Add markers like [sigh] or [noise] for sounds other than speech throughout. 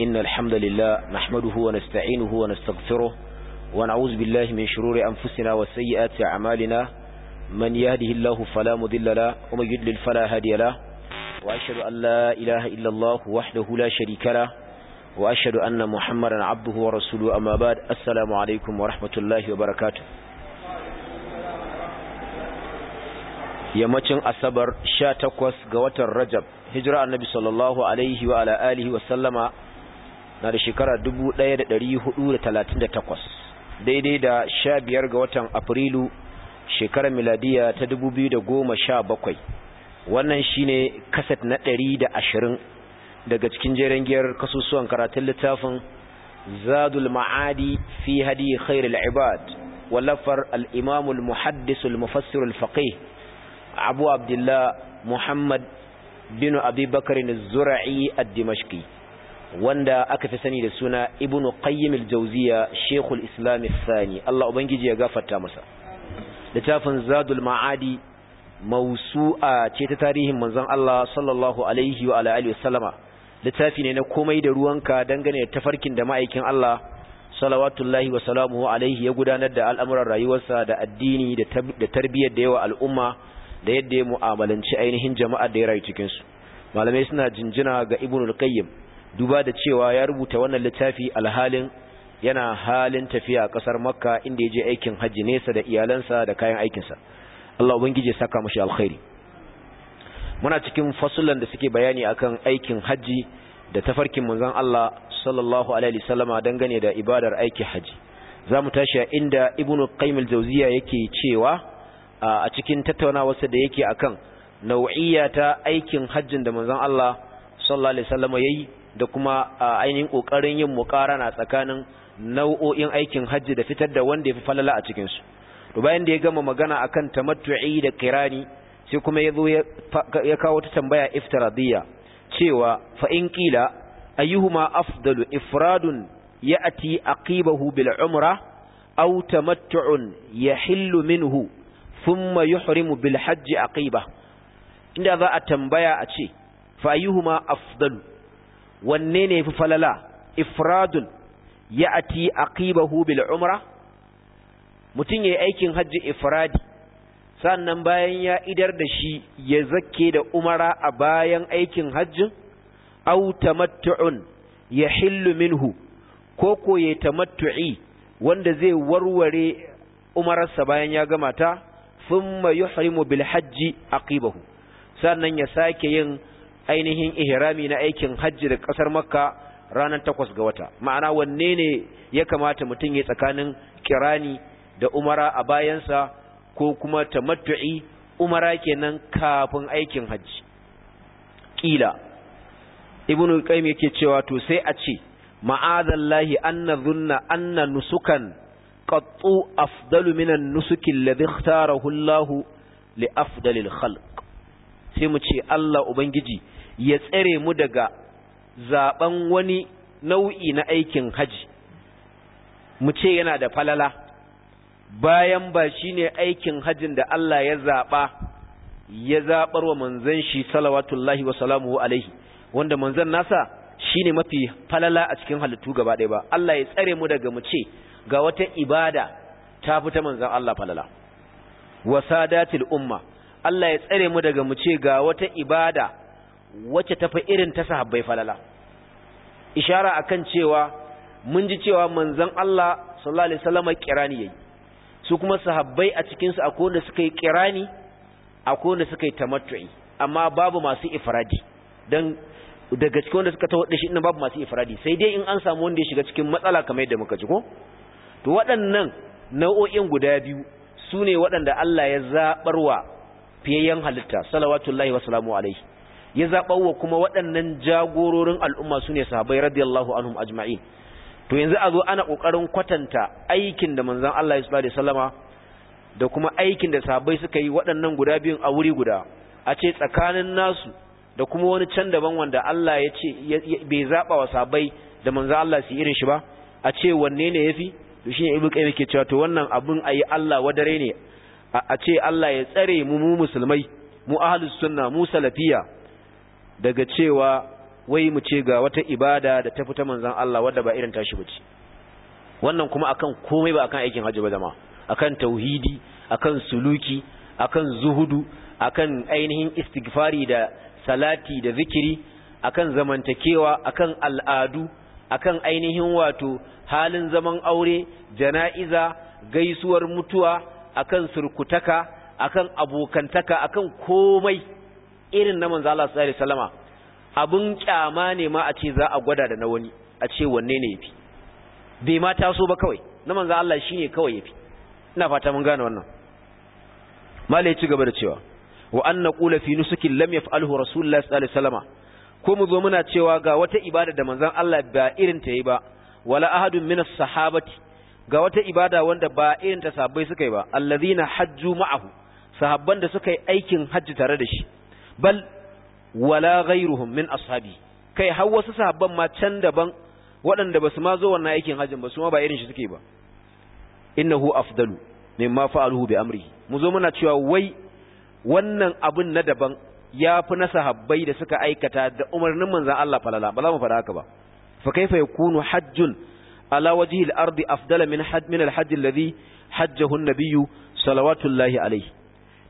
إن الحمد لله نحمده ونستعينه ونستغفره ونعوذ بالله من شرور أنفسنا وسيئات أعمالنا من يهده الله فلا مذل له ومن يدلل فلا هادي له وأشهد أن لا إله إلا الله وحده لا شريك له وأشهد أن محمدا عبده ورسوله أما بعد السلام عليكم ورحمة الله وبركاته yammacin asabar sha takwas ga watan rajab hijira annabi sallallahu alaihi wa ala alihi wa sallama na da shekara takwas daidai da sha biyar ga watan afrilu shekarar miladiya ta da goma sha bakwai wannan shine kaset na da ashirin. daga cikin jeren giyar kasusuwan karatun littafin zadul ma'adi fi hadi khair ibad wallafar al'imamul muhaddisul al faƙi abu abdullah muhammad bin abubakar zurai a dimashki wanda aka fi sani da suna ibn qayyim al-jawziya al islam al-thani Allah ubangiji ya gafarta masa littafin zadul ma'adi mawsu'a ce ta tarihin manzon Allah sallallahu alaihi wa alihi wasallama littafi ne na komai da ruwanka dangane da tafarkin da ma'aikin Allah salawatullahi wa salamuhu alaihi ya gudanar da al'amuran rayuwarsa da addini da tarbiyyar da yawa al'umma da yadda ya mu'amalanci ainihin jama'a da ya rayu cikin su malamai suna jinjina ga ibn qayyim duba da cewa ya rubuta wannan littafi alhalin yana halin tafiya a kasar makka inda ya je aikin hajji nesa da iyalansa da kayan aikinsa Allah ubangiji saka mashi alkhairi muna cikin fasulan da suke bayani akan aikin hajji da tafarkin manzon Allah sallallahu alaihi wasallama dangane da ibadar aikin hajji zamu tashi a inda ibnu qayyim al-jawziya yake cewa a cikin tattaunawarsa da yake akan nau'iyya ta aikin hajjin da manzon Allah sallallahu alaihi wasallama yayi da kuma a ainihin kokarin yin na tsakanin nau'o'in aikin hajji da fitar da wanda ya fi falala a cikinsu. su to bayan da ya gama magana akan tamattu'i da kirani sai kuma ya zo ya kawo ta tambaya iftiradiyya cewa fa in qila ayyuhuma afdalu ifradun ya'ti aqibahu bil umra aw tamattu'un yahillu minhu thumma yuhrimu bil hajji aqibah inda za a tambaya a ce fa ayyuhuma afdalu wanne ne fi falala ifradun ya ati aqibahu bil umra mutum ya yi aikin hajji ifradi sannan bayan ya idar da shi ya zake da umara a bayan aikin hajjin aw tamattu'un hillu minhu ko ko ya tamattu'i wanda zai warware umararsa bayan ya gama ta thumma yuhrimu bil hajji aqibahu sannan ya sake yin ainihin ihrami na aikin hajji da kasar makka ranar takwas ga wata ma'ana wanne ne ya kamata mutum ya tsakanin kirani da umara a bayansa ko kuma ta matu'i umara kenan kafin aikin hajji kila ibnu qayyim yake cewa to sai a ce ma'adallahi anna dhunna anna nusukan qattu afdalu minan nusuki alladhi ikhtarahu Allahu li afdalil khalq sai mu ce Allah ubangiji ya tsare mu daga zaben wani nau'i na aikin haji mu ce yana da falala bayan ba shine aikin hajin da Allah ya zaba ya zaɓar wa manzon shi salawatullahi wa salamuhu alaihi wanda manzon nasa shine mafi falala a cikin halittu gaba ɗaya ba Allah ya tsare mu daga mu ce ga wata ibada ta fita manzan Allah falala wa sadatil umma Allah ya tsare mu daga mu ce ga wata ibada wacce fi irin ta sahabbai falala ishara akan cewa mun ji cewa manzon Allah sallallahu alaihi wasallam kirani yayi su kuma sahabbai a cikin su akwai wanda suka yi kirani akwai wanda suka yi tamattu'i amma babu masu ifradi dan daga cikin wanda suka taho da shi babu masu ifradi sai dai in an samu wanda ya shiga cikin matsala kamar yadda muka ji ko to waɗannan nau'o'in guda biyu sune waɗanda Allah ya zabarwa fiyayen halitta salawatullahi wa salamu alaihi ya wa kuma waɗannan jagororin al'umma su ne sahabai radiyallahu anhum ajma'in to yanzu a zo ana ƙoƙarin kwatanta aikin da manzan Allah ya sallallahu salama da kuma aikin da sahabai suka yi waɗannan guda biyun a wuri guda a ce tsakanin nasu da kuma wani can daban wanda Allah ya ce bai zaɓa wa sahabai da manzan Allah su irin shi ba a ce wanne ne ya fi? to shi ne ibu qayyim ke cewa to wannan abun ayi Allah wadare ne a ce Allah ya tsare mu mu musulmai mu ahlus sunna mu salafiyya daga cewa wai mu ce ga wata ibada da ta fita manzan Allah wadda ba irin tashi bace wannan kuma akan komai ba akan aikin hajji ba zama akan tauhidi akan suluki akan zuhudu akan ainihin istighfari da salati da zikiri akan zamantakewa akan al'adu akan ainihin wato halin zaman aure jana'iza gaisuwar mutuwa akan surkutaka akan abokantaka akan komai irin na manzo Allah sallallahu alaihi wasallama abun kyama ne ma a ce za a gwada da na wani a ce wanne ne yafi bai ma taso ba kawai na manzo Allah shine kawai yafi ina fata mun gane wannan malai ci gaba da cewa wa an naqula fi nusukin lam yaf'alhu rasulullahi sallallahu alaihi wasallama ko mu zo muna cewa ga wata ibada da manzon Allah ba irin ta yi ba wala ahadun min sahabati ga wata ibada wanda ba irin ta sahabbai suka yi ba allazina hajju ma'ahu sahabban da suka yi aikin hajji tare da shi bal wala ghairuhum min ashabi kai har wasu sahabban ma can daban waɗanda su ma zo wannan aikin hajjin ba su ma ba irin shi suke ba innahu afdalu mimma fa'aluhu bi amrihi mu zo muna cewa wai wannan abin na daban yafi na sahabbai da suka aikata da umarnin manzon Allah falala ba za mu fara haka ba fa kaifa yakunu hajjun ala wajhi al-ardi afdala min hajj min al-hajj alladhi hajjahu an-nabiyyu salawatullahi alayhi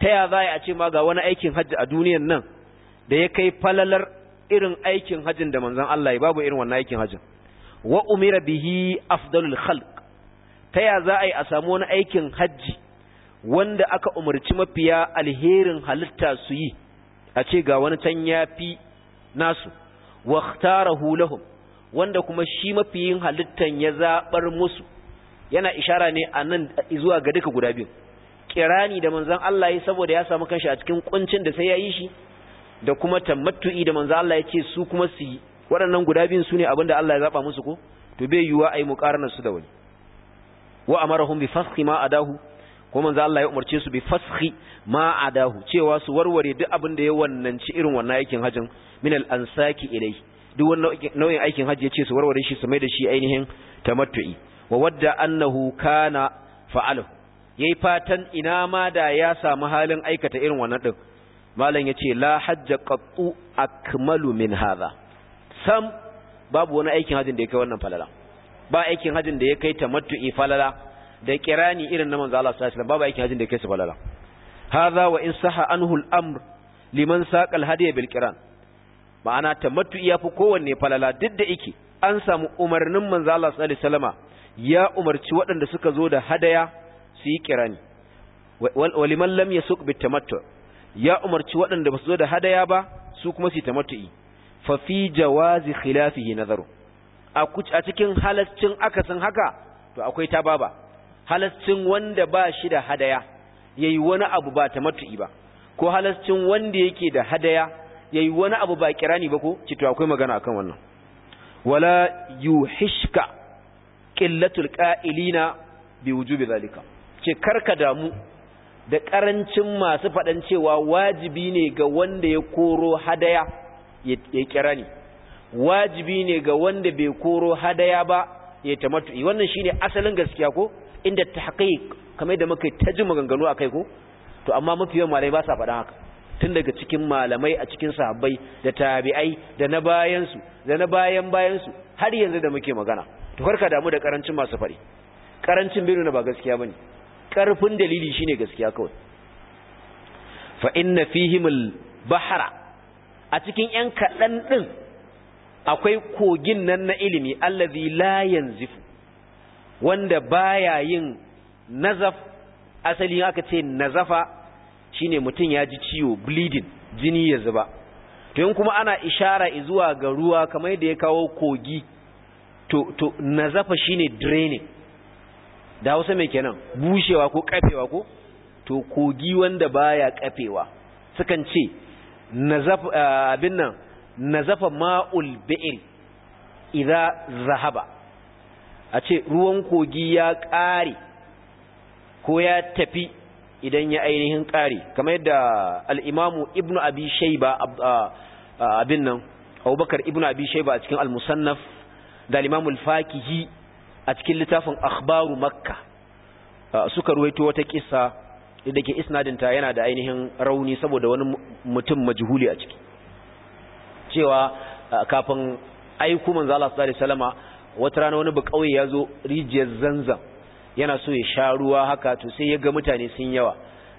ta ya za a ce ma ga wani aikin hajji a duniyan nan da ya kai falalar irin aikin hajjin da manzan Allah ya babu irin wannan aikin hajjin wa umira bihi afdalul khalq ta ya za a yi a samu wani aikin hajji wanda aka umarci mafiya alherin halitta su yi a ce ga wani can ya fi nasu wa tara hulahun wanda kuma shi mafiyin halittan ya zaɓar musu yana ishara ne a nan zuwa ga duka guda biyu kirani da manzon Allah ya saboda ya samu kanshi a cikin kuncin da sai ya yi shi da kuma tamattu'i da manzon Allah ya ce su kuma su yi waɗannan guda biyun su ne abinda Allah ya zaba musu ko to bai yiwa ai muqaranar su da wani wa amarahum bi fasxi ma adahu ko manzon Allah ya umarce su bi fasxi ma adahu cewa su warware duk abin da ya wannanci irin wannan aikin hajjin min al ansaki ilai duk wannan nau'in aikin hajji ya ce su warware shi su mai da shi ainihin tamattu'i wa wadda annahu kana fa'alahu yayi fatan ina ma da ya samu halin aikata irin wannan din malam yace la hajja qattu akmalu min hadha sam babu wani aikin hajjin da yake wannan falala ba aikin hajjin da ya kai tamattu'i falala da kirani irin na manzo Allah sallallahu alaihi wasallam babu aikin hajjin da yake su falala hadha wa in saha anhu al-amr liman saqa al-hadiy bil qiran ma'ana ya fi kowanne falala duk da yake an samu umarnin manzo Allah sallallahu alaihi wasallama ya umarci waɗanda suka zo da hadaya su kirani waliman lam yasuq bitamattu ya umarci waɗanda basu zo da hadaya ba su kuma su tamattu'i fa fi jawazi khilafihi nazaru a cikin halaccin akasin haka to akwai ta baba halaccin wanda ba shi da hadaya yayi wani abu ba tamattu'i ba ko halaccin wanda yake da hadaya yayi wani abu ba kirani ba ko ci to akwai magana akan wannan wala yuhishka qillatul qa'ilina bi wujubi zalika ce karka damu da ƙarancin masu faɗan cewa wajibi ne ga wanda ya koro hadaya ya kira ni wajibi ne ga wanda bai koro hadaya ba ya tamattu eh, wannan shine asalin gaskiya ko inda ta tahqiq kamar da muka ta ji maganganu kai ko to amma mafi yawan malai ba sa faɗan haka tun daga cikin malamai a cikin sahabbai da tabi'ai da na bayansu da na bayan bayansu har yanzu da muke magana to damu da karancin masu faɗi ƙarancin bai nuna ba gaskiya ba ne. karfin dalili shine gaskiya kawai fa inna al bahara a cikin yan kaɗan ɗin akwai kogin nan na ilimi allazi la yanzifu wanda baya yin nazaf asali aka ce nazafa shine mutum ya ji ciwo bleeding jini ya zuba to in kuma ana ishara zuwa ga ruwa kamar yadda ya kawo kogi to to nazafa shine draining da hausa mai kenan bushewa ko kafewa ko to kogi wanda baya kafewa sukan ce nazaf eh, abin nan nazafa ma'ul bi'r idza zahaba a ce ruwan kogi ya ƙare ko ya tafi idan ya ainihin kare kamar yadda al-imamu ibnu abi shayba abin nan abubakar ibnu abi shayba a cikin al-musannaf da al-imamu al-fakihi a cikin littafin akhbaru makka suka ruwaito wata kissa da ke isnadinta yana da ainihin rauni saboda wani mutum majhuli a ciki cewa kafin aiku manzo Allah sallallahu alaihi wasallama wata rana wani bakauye ya zo rijiyar Zanzan yana so ya sha ruwa haka to sai ya ga mutane sun yawa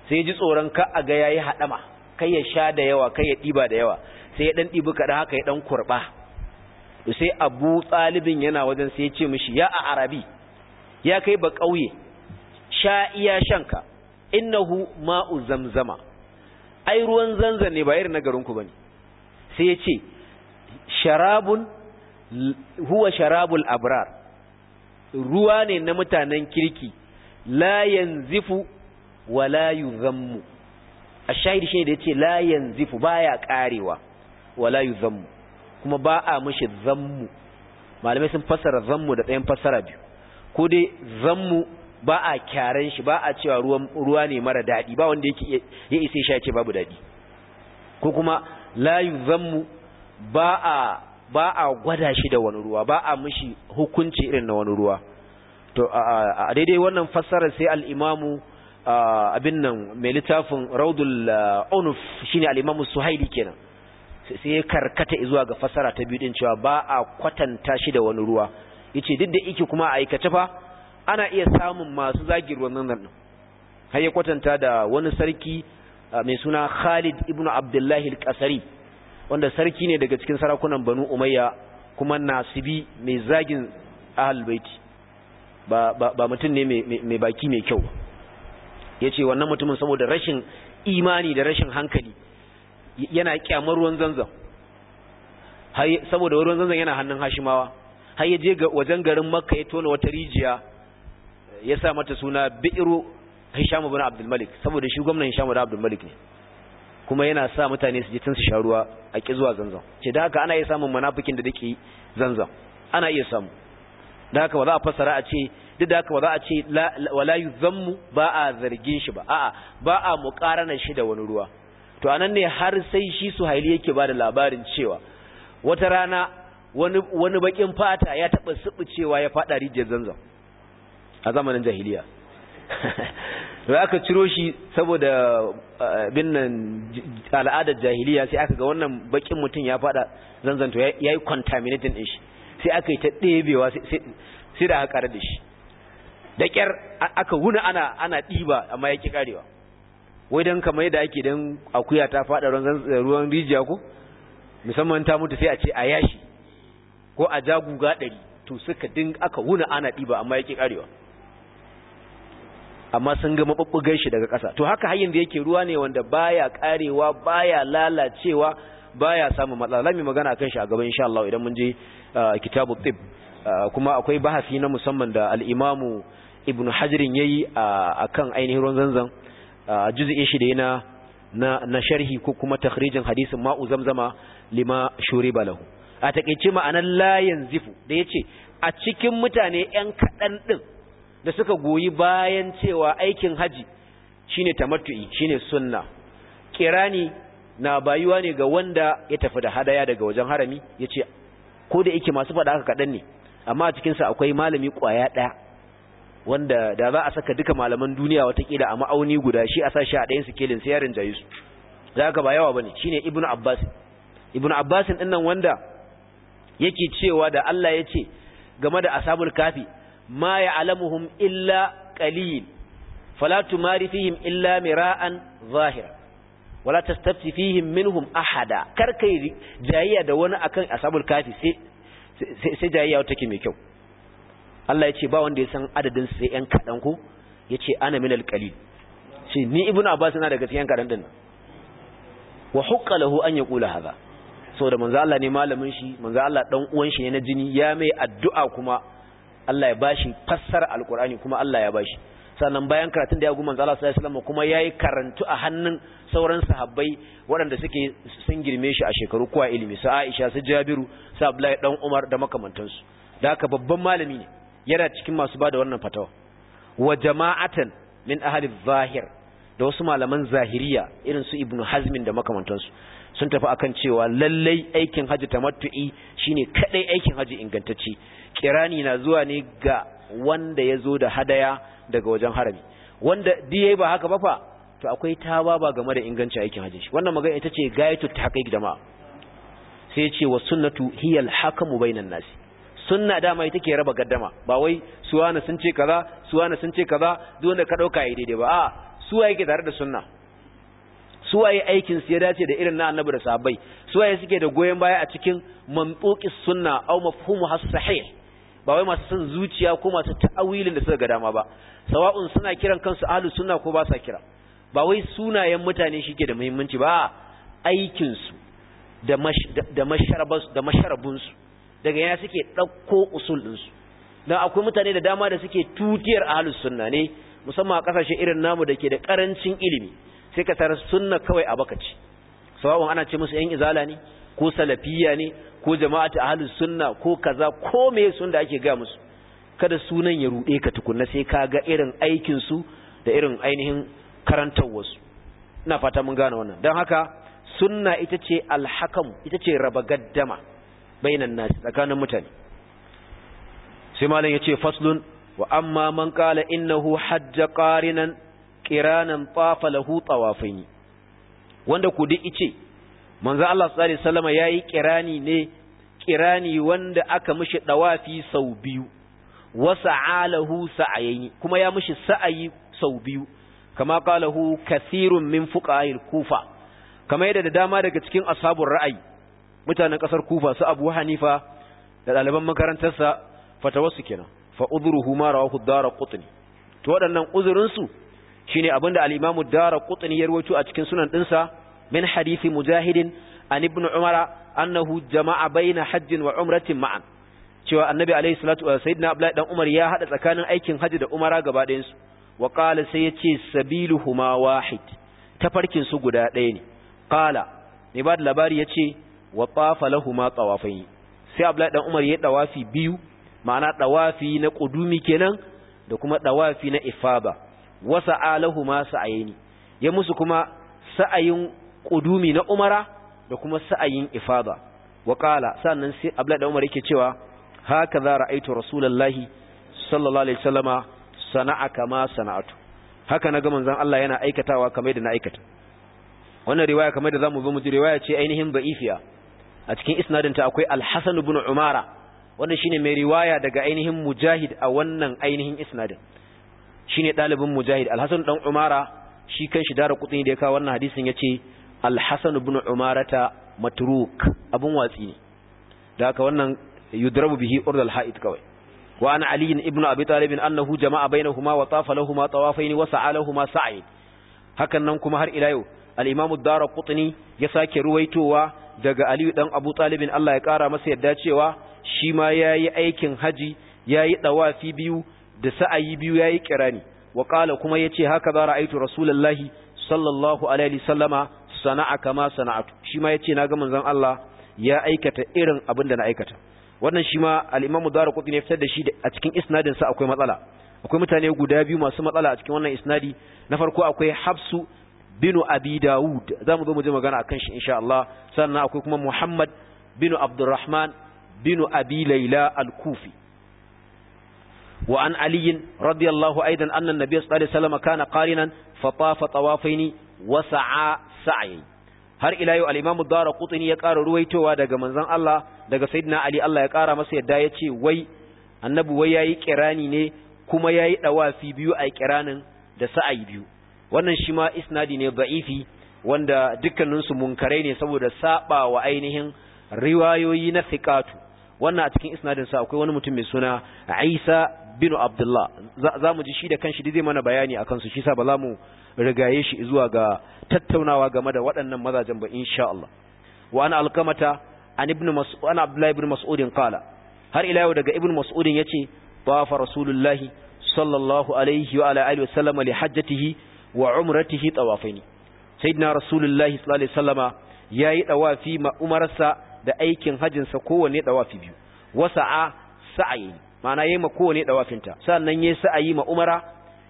sai ya ji tsoron ka a ga yayi hadama kai ya sha da yawa kai ya diba da yawa sai ya dan dibi kada haka ya dan kurba sai abu ɗalibin yana wajen sai ya ce mishi ya a arabi ya kai ba ƙauye sha iya shanka innahu ma'u zamzama ai ruwan zanzan ne ba irin na garinku bane sai ya ce sharabun huwa sharabul abrar ruwa ne na mutanen kirki la yanzifu wa la yuzammu ashahidi shine da yace la yanzifu baya karewa wa la yuzammu kuma ba a mashi zammu malamai sun fassara zammu da tsayin fassara biyu ko dai zammu ba a kyaran shi ba a cewa ruwa ne mara daɗi ba wanda yake ya isa shi ce babu daɗi ko kuma layu zammu ba a ba a gwada shi da wani ruwa ba a mishi hukunci irin na wani ruwa to a daidai wannan fassara sai al abin nan mai littafin raudul unuf shine al-imamu suhaili kenan sai karkata zuwa ga fasara ta biyu din cewa ba a kwatanta shi da wani ruwa yace duk da yake kuma a aikace fa ana iya samun masu zagin ruwan nan nan har ya kwatanta da wani sarki mai suna Khalid ibn Abdullah al-Qasari wanda sarki ne daga cikin sarakunan Banu Umayya kuma nasibi mai zagin ahlul baiti ba ba mutum ne mai baki mai kyau yace wannan mutumin saboda rashin imani da rashin hankali yana kyamar ruwan zanzan saboda ruwan zanzan yana hannun hashimawa har ya je wajen garin makka ya tona wata rijiya ya sa mata suna bi'iru Hishamu bin abdul malik saboda shi gwamnan Hishamu ibn abdul malik ne kuma yana sa mutane su je tun su sha ruwa a ki zuwa zanzan ce da haka ana iya samun munafikin da dake zanzan ana iya samu da haka ba za a fassara a ce duk da haka ba za a ce wala yuzammu ba a zargin shi ba a'a ba a muqarana shi da wani ruwa to anan ne har sai shi suhaili yake ba da labarin cewa wata rana wani wani bakin fata ya taba cewa ya fada rijiyar zanzam a zamanin jahiliya [laughs] da aka ciro shi saboda eh, binnan al'adar jahiliya sai aka ga wannan bakin mutum ya fada to ya yi contaminating din shi sai aka yi ta ɗebewa sai da aka da shi da ƙyar aka wuna ana ɗiba amma ya ƙi ƙarewa wai dan kamar yadda ake dan akuya ta fada eh, ruwan rijiya ko musamman ta mutu sai a ce a yashi ko a jaguga ɗari to suka din aka wuna ana ɗiba amma yake karewa amma sun ga mabubbugar shi daga ƙasa to haka hayin da yake ruwa ne wanda baya karewa baya lalacewa baya samun matsala lami magana kan shi a gaban insha Allah idan mun je ah, kitabu tib ah, kuma akwai bahasi na musamman da al-imamu ibn hajirin yayi akan ah, ainihin ruwan zanzan juz'in shi da yana na na sharhi ko kuma takhrijin hadisin ma'u zamzama lima shuriba lahu a takeice ma'anar la yanzifu da yace a cikin mutane ƴan kaɗan ɗin da suka goyi bayan cewa aikin haji shine tamattu'i shine sunna kirani na bayuwa ne ga wanda ya tafi da hadaya daga wajen harami yace ko da yake masu faɗa haka kaɗan ne amma a cikin sa akwai malami kwaya ɗaya. wanda da za a saka duka malaman duniya wata watakila a ma'auni guda shi a sashi a ɗayan su sai yarin jayi su za ka ba yawa ba ne shi ne ibn abbas ibn abbas ɗin nan wanda yake cewa da allah ya ce game da asabul kafi ma ya alamuhum illa ƙalil Falatu mari fihim illa mira'an zahira wala tastafti fihim minhum ahada kar kai jayiya da wani akan asabul kafi sai sai jayiya wata ke mai kyau Allah ya ce ba wanda ya san adadin su sai yan kadan ko ce ana min alqalil ce ni ibnu abbas na daga cikin kadan din wa hukka lahu an yaqula hadha saboda manzo Allah ne malamin shi manzo Allah dan uwan shi ne na jini ya mai addu'a kuma Allah ya bashi fassara alqur'ani kuma Allah ya bashi sannan bayan karatun da ya goma zala sallallahu alaihi wasallam kuma yayi karantu a hannun sauran sahabbai waɗanda suke sun girme shi a shekaru kuwa ilimi su Aisha su Jabiru su Abdullahi dan Umar da makamantansu da haka babban malami ne yana cikin masu bada wannan fatawa wa jama'atan min ahli zahir da wasu malaman zahiriya irin su ibnu hazmin da makamantansu sun tafi akan cewa lallai aikin haji tamattu'i shine kadai aikin haji ingantacce kirani na zuwa ne ga wanda ya zo da hadaya daga wajen harami wanda yayi ba haka ba fa to akwai taba ba game da inganci aikin haji wannan magana ita ce gayatu tahqiq jama'a sai ya ce wa sunnatu hiya al-hakamu bainan nasi sunna dama ita ke raba gaddama ba wai suwana sun ce kaza suwana sun ce kaza duk da ka dauka yi daidai ba a suwaye ke tare da sunna suwaye aikin su ya dace da irin na annabi da sahabbai suwaye suke da goyen baya a cikin mantuqis sunna aw mafhumu as-sahih ba wai masu son zuciya ko masu ta'awilin da suka ga dama ba sawa'un suna kiran kansu ahlus sunna ko ba sa kira ba wai sunayen mutane shike da muhimmanci ba aikin su da masharabansu daga yana suke ɗauko usul ɗinsu don akwai mutane da dama da suke tutiyar ahalus sunna ne musamman a ƙasashe irin namu da ke da ƙarancin ilimi sai ka tara sunna kawai a bakaci sababin ana ce musu 'yan izala ne ko salafiya ne ko jama'atu ahalus sunna ko kaza ko me sun da ake ga musu kada sunan ya ruɗe ka tukunna sai ka ga irin aikin su da irin ainihin karantar wasu ina fata mun gane wannan don haka sunna ita ce alhakam ita ce raba gaddama bainan nasi tsakanin mutane sai malam yace faslun wa amma man qala innahu hajja qarinan qiranan tafa lahu tawafin wanda ku duk ice manzo Allah sallallahu alaihi wasallam yayi kirani ne kirani wanda aka mishi dawafi sau biyu wa sa'alahu kuma ya mishi sa'ayi sau biyu kama qalahu kathirun min fuqa'il kufa kama yadda da dama daga cikin ashabur ra'ayi mutanen kasar kufa su abu hanifa da ɗaliban makarantarsa fatawarsu kenan fa udhruhu ma rawahu daraqutni to waɗannan uzurinsu shine abinda al-imam daraqutni ya rawaito a cikin sunan dinsa min hadisi mujahidin an ibn umara annahu jama'a baina hajjin wa umratin ma'an cewa annabi alayhi salatu wa sayyidina abdullahi dan umar ya hada tsakanin aikin haji da umara gaba ɗayan su wa qala sai yace sabiluhuma wahid tafarkin su guda ɗaya ne qala ne ba da labari yace wa tafa lahuma tawafai sai Abdullahi dan Umar ya dawafi biyu ma'ana dawafi na ƙudumi kenan da kuma dawafi na ifada wa sa'alahuma sa'ayni ya musu kuma sa'ayin ƙudumi na umara da kuma sa'ayin Ifaba. wa qala sannan sai Abdullahi dan Umar yake cewa haka za ra'aitu rasulullahi sallallahu alaihi wasallama sana'a kama sana'atu haka naga zan Allah yana aikatawa kamar da na aikata wannan riwaya kamar da zamu zo mu ji riwaya ce ainihin ba'ifiya a cikin isnadinta akwai Alhassan bin ibn umara wanda shine mai riwaya daga ainihin mujahid a wannan ainihin isnadin shine dalibin mujahid al dan umara shi kanshi dara kutsi da ya kawo wannan hadisin yace ce hasan bin umarata matruk abun watsi ne da haka wannan yudrabu bihi urdal ha'id kawai wa an ali ibn abi talib annahu jama'a bainahuma wa tafa lahumu tawafaini wa sa'a lahumu sa'id hakan nan kuma har ila yau al-imam ad-darqutni ya sake ruwaitowa daga aliyu dan abu talibin Allah ya kara masa yadda cewa shi ma ya yi aikin haji ya yi ɗawafi biyu da sa'ayi biyu ya yi kirani wa ƙala kuma ya ce haka za ra'aitu rasulallahi sallallahu alaihi sallama sana'a kama sana'atu shi ma ya ce na ga manzon Allah ya aikata irin abin da na aikata wannan shi ma al'imamu zara kuɗi ne fitar da shi a cikin isnadinsa akwai matsala akwai mutane guda biyu masu matsala a cikin wannan isnadi na farko akwai hafsu bin abi dawud za mu zo mu je magana akan shi insha Allah sannan akwai kuma muhammad bin abdulrahman binu abi laila al-kufi wa an ali radiyallahu aidan anna nabiy sallallahu alaihi kana qarinan fa tafa tawafaini wa sa'a har ila yau al-imam ad-darqutni ya ƙara ruwaitowa daga manzon Allah daga sayyidina ali Allah ya kara masa yadda ya ce wai annabi wai yayi kirani ne kuma yayi dawafi biyu a kiranin da sa'ayi biyu wannan shi ma isnadi ne ba'ifi wanda dukkaninsu munkarai ne saboda saba wa ainihin riwayoyi na fiqatu wannan a cikin isnadin sa akwai wani mutum mai suna Isa bin Abdullah za mu ji shi da kanshi zai mana bayani akan su shi sa ba za mu rigaye shi zuwa ga tattaunawa game da waɗannan mazajen ba insha Allah wa ana alkamata an ibn mas'ud ana Abdullah ibn Mas'ud qala har ila yau daga ibn Mas'ud yace fa rasulullahi sallallahu alaihi wa ala alihi wa sallam li hajjatihi wa umratihi tawafaini sayyidina rasulullahi sallallahu alaihi wasallama yayi tawafi ma umarsa da aikin hajjin sa kowanne tawafi biyu wasa'a sa'ayi ma'ana yayi ma kowanne tawafinta sannan yayi sa'ayi ma umara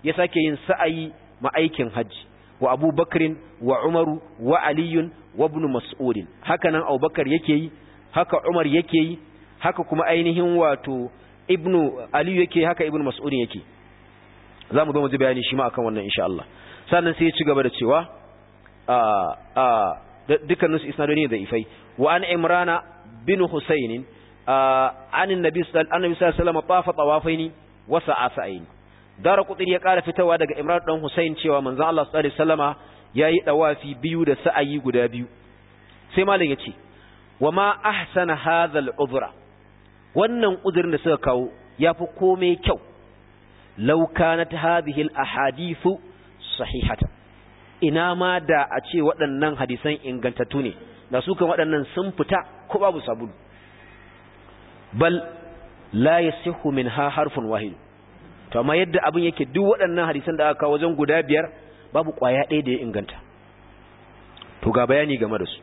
ya sake yin sa'ayi ma aikin hajji wa Abu Bakr wa Umaru wa Aliyun wa Ibn Mas'ud hakanan Abu Bakar yake yi haka Umar yake yi haka kuma ainihin wato Ibn Ali yake haka Ibn Mas'ud yake zamu zo mu ji bayani shi ma akan wannan insha Allah sannan sai ya ci gaba da cewa dukkanin dukkaninsu isnadoni da ifai wa an imrana bin husainin an annabi sallallahu alaihi wasallam tafa tawafaini wa sa'a sa'aini dara kutir ya kara fitawa daga imran dan husain cewa manzon Allah sallallahu alaihi wasallama yayi dawafi biyu da sa'ayi guda biyu sai malam yace wa ma ahsana hadha al wannan udurin da suka kawo yafi komai kyau law kanat hadhihi al-ahadithu sahihata ina ma da a ce waɗannan hadisan ingantattu ne da su kan waɗannan sun fita ko babu sabulu bal la yasihu ha harfun wahid to amma yadda abin yake duk waɗannan hadisan da aka kawo wajen guda biyar babu ƙwaya ɗaya da ya inganta to ga bayani game da su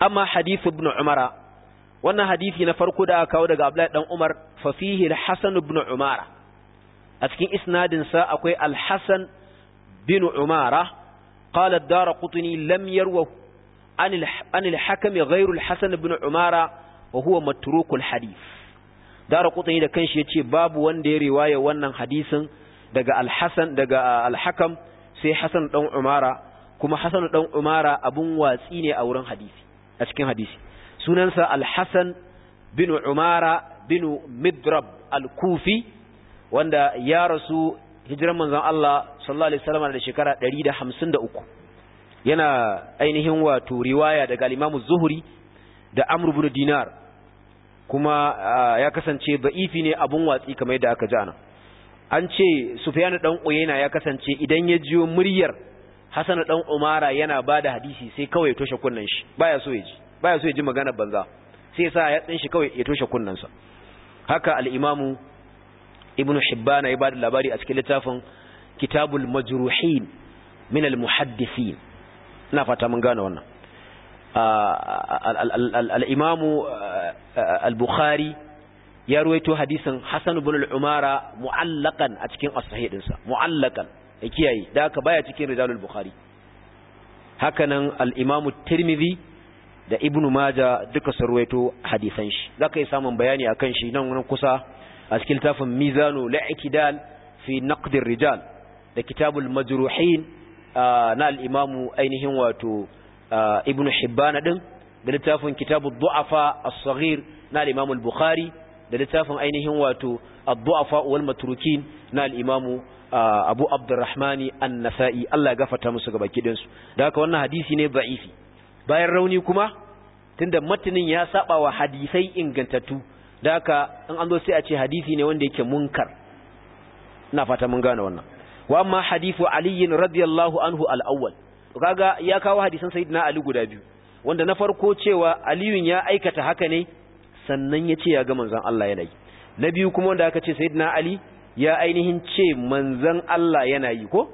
amma hadith ibn umara wannan hadisi na farko da aka kawo daga abdullahi dan umar fa fihi al-hasan ibn umara a cikin isnadin sa akwai al-hasan بن عمارة قال الدار قطني لم يروه عن الحكم غير الحسن بن عمارة وهو متروك الحديث دار قطني دا كانش يتشي باب وان دي رواية وان حديث دقى الحسن دقى الحكم سي حسن دون عمارة كما حسن دون عمارة أبن واسيني أوران حديث أسكن حديث سننسى الحسن بن عمارة بن مدرب الكوفي wanda ya rasu hijiran manzon Allah sallallahu alaihi wasallam da shekara 153 yana ainihin wato riwaya daga al-Imam Zuhri da Amr ibn Dinar kuma ya kasance ba'ifi ne abun watsi kamar yadda aka jana. an ce Sufyan dan Uyayna ya kasance idan ya jiyo muryar Hassan dan Umara yana bada hadisi sai kawai toshe kunnan shi baya so ya ji baya so ya ji magana banza sai sa ya tsin shi kawai ya toshe sa haka al-Imam ibn hibban ya bada labari a cikin littafin kitabul majruhin min al muhaddisin ina fata mun gane wannan al imamu al bukhari ya ruwaito hadisin hasan ibn al umara mu'allakan a cikin as-sahih dinsa mu'allaqan ya kiyaye da haka baya cikin rijalul bukhari hakanan al-imamu tirmidhi da ibnu maja duka ruwaito hadisan shi zaka yi samun bayani akan shi nan kusa a cikin littafin mizanu la'ikidal fi naqdir rijal da kitabul majruhin na al-imamu ainihin wato ibn hibban din da littafin kitabud du'afa as-saghir na al-imamu al-bukhari da littafin ainihin wato ad-du'afa wal matrukin na al-imamu abu abdurrahmani an-nasa'i Allah ya gafarta musu gabaki dinsu da haka wannan hadisi ne da'ifi bayan rauni kuma tunda matanin ya saba wa hadisai ingantattu da haka in an zo sai a ce hadisi ne wanda yake munkar ina fata mun gane wannan wa amma hadithu ali radiyallahu anhu al-awwal to kaga ya kawo hadisan sayyidina ali guda biyu wanda na farko cewa aliyun ya aikata haka ne sannan ya ce ya ga manzon Allah yana yi na biyu kuma wanda aka ce sayyidina ali ya ainihin ce manzon Allah yana yi ko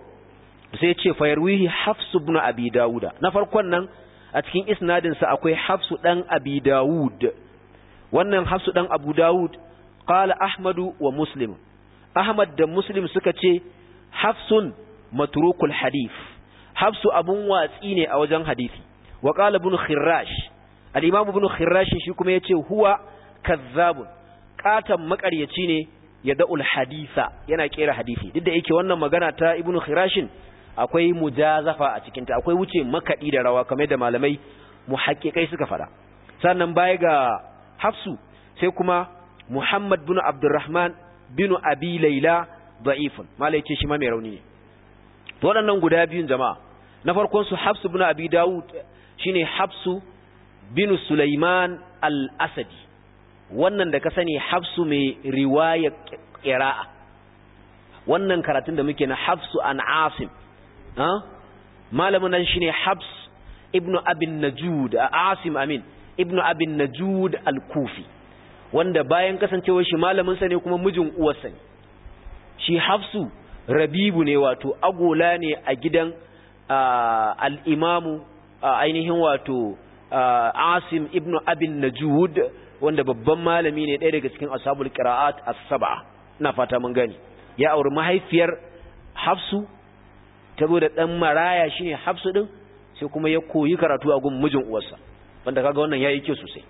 sai ce fayarwihi hafsu ibn abi dauda na farkon nan a cikin isnadin sa akwai hafsu dan abi daud wannan hafsu dan abu dawud kala ahmadu wa muslim ahmad da muslim suka ce hafsun matrukul hadith hafsu abun watsi ne a wajen hadisi wa qala ibn khirash al-imam ibn khirash shi kuma yace huwa kazzabun katan makaryaci ne ya da'ul haditha yana kera hadisi duk da yake wannan magana ta ibn khirashin akwai mujazafa a cikinta akwai wuce makadi da rawa kamar da malamai muhaqqiqai suka fada sannan baya ga hafsu sai kuma muhammad bin abdurrahman bin abi laila da'ifun malai ce shi ma mai rauni ne to waɗannan guda biyun jama'a na farkon su hafsu bin abi dawud shine hafsu bin sulaiman al-asadi wannan da ka sani hafsu mai riwaya qira'a wannan karatun da muke na hafsu an asim malamin nan shine hafs ibnu abin najud asim amin ibnu abin najud al-kufi wanda bayan kasancewa shi malamin sa ne kuma mijin uwarsa ne shi hafsu rabibu ne wato agola ne a gidan al-imamu ainihin wato asim ibnu abin najud wanda babban malami ne ɗaya daga cikin ashabul qira'at as-sab'a ina fata mun gani ya auri mahaifiyar hafsu ta da ɗan maraya shine hafsu ɗin sai kuma ya koyi karatu a gun mijin uwarsa wanda kaga wannan yayi kyau sosai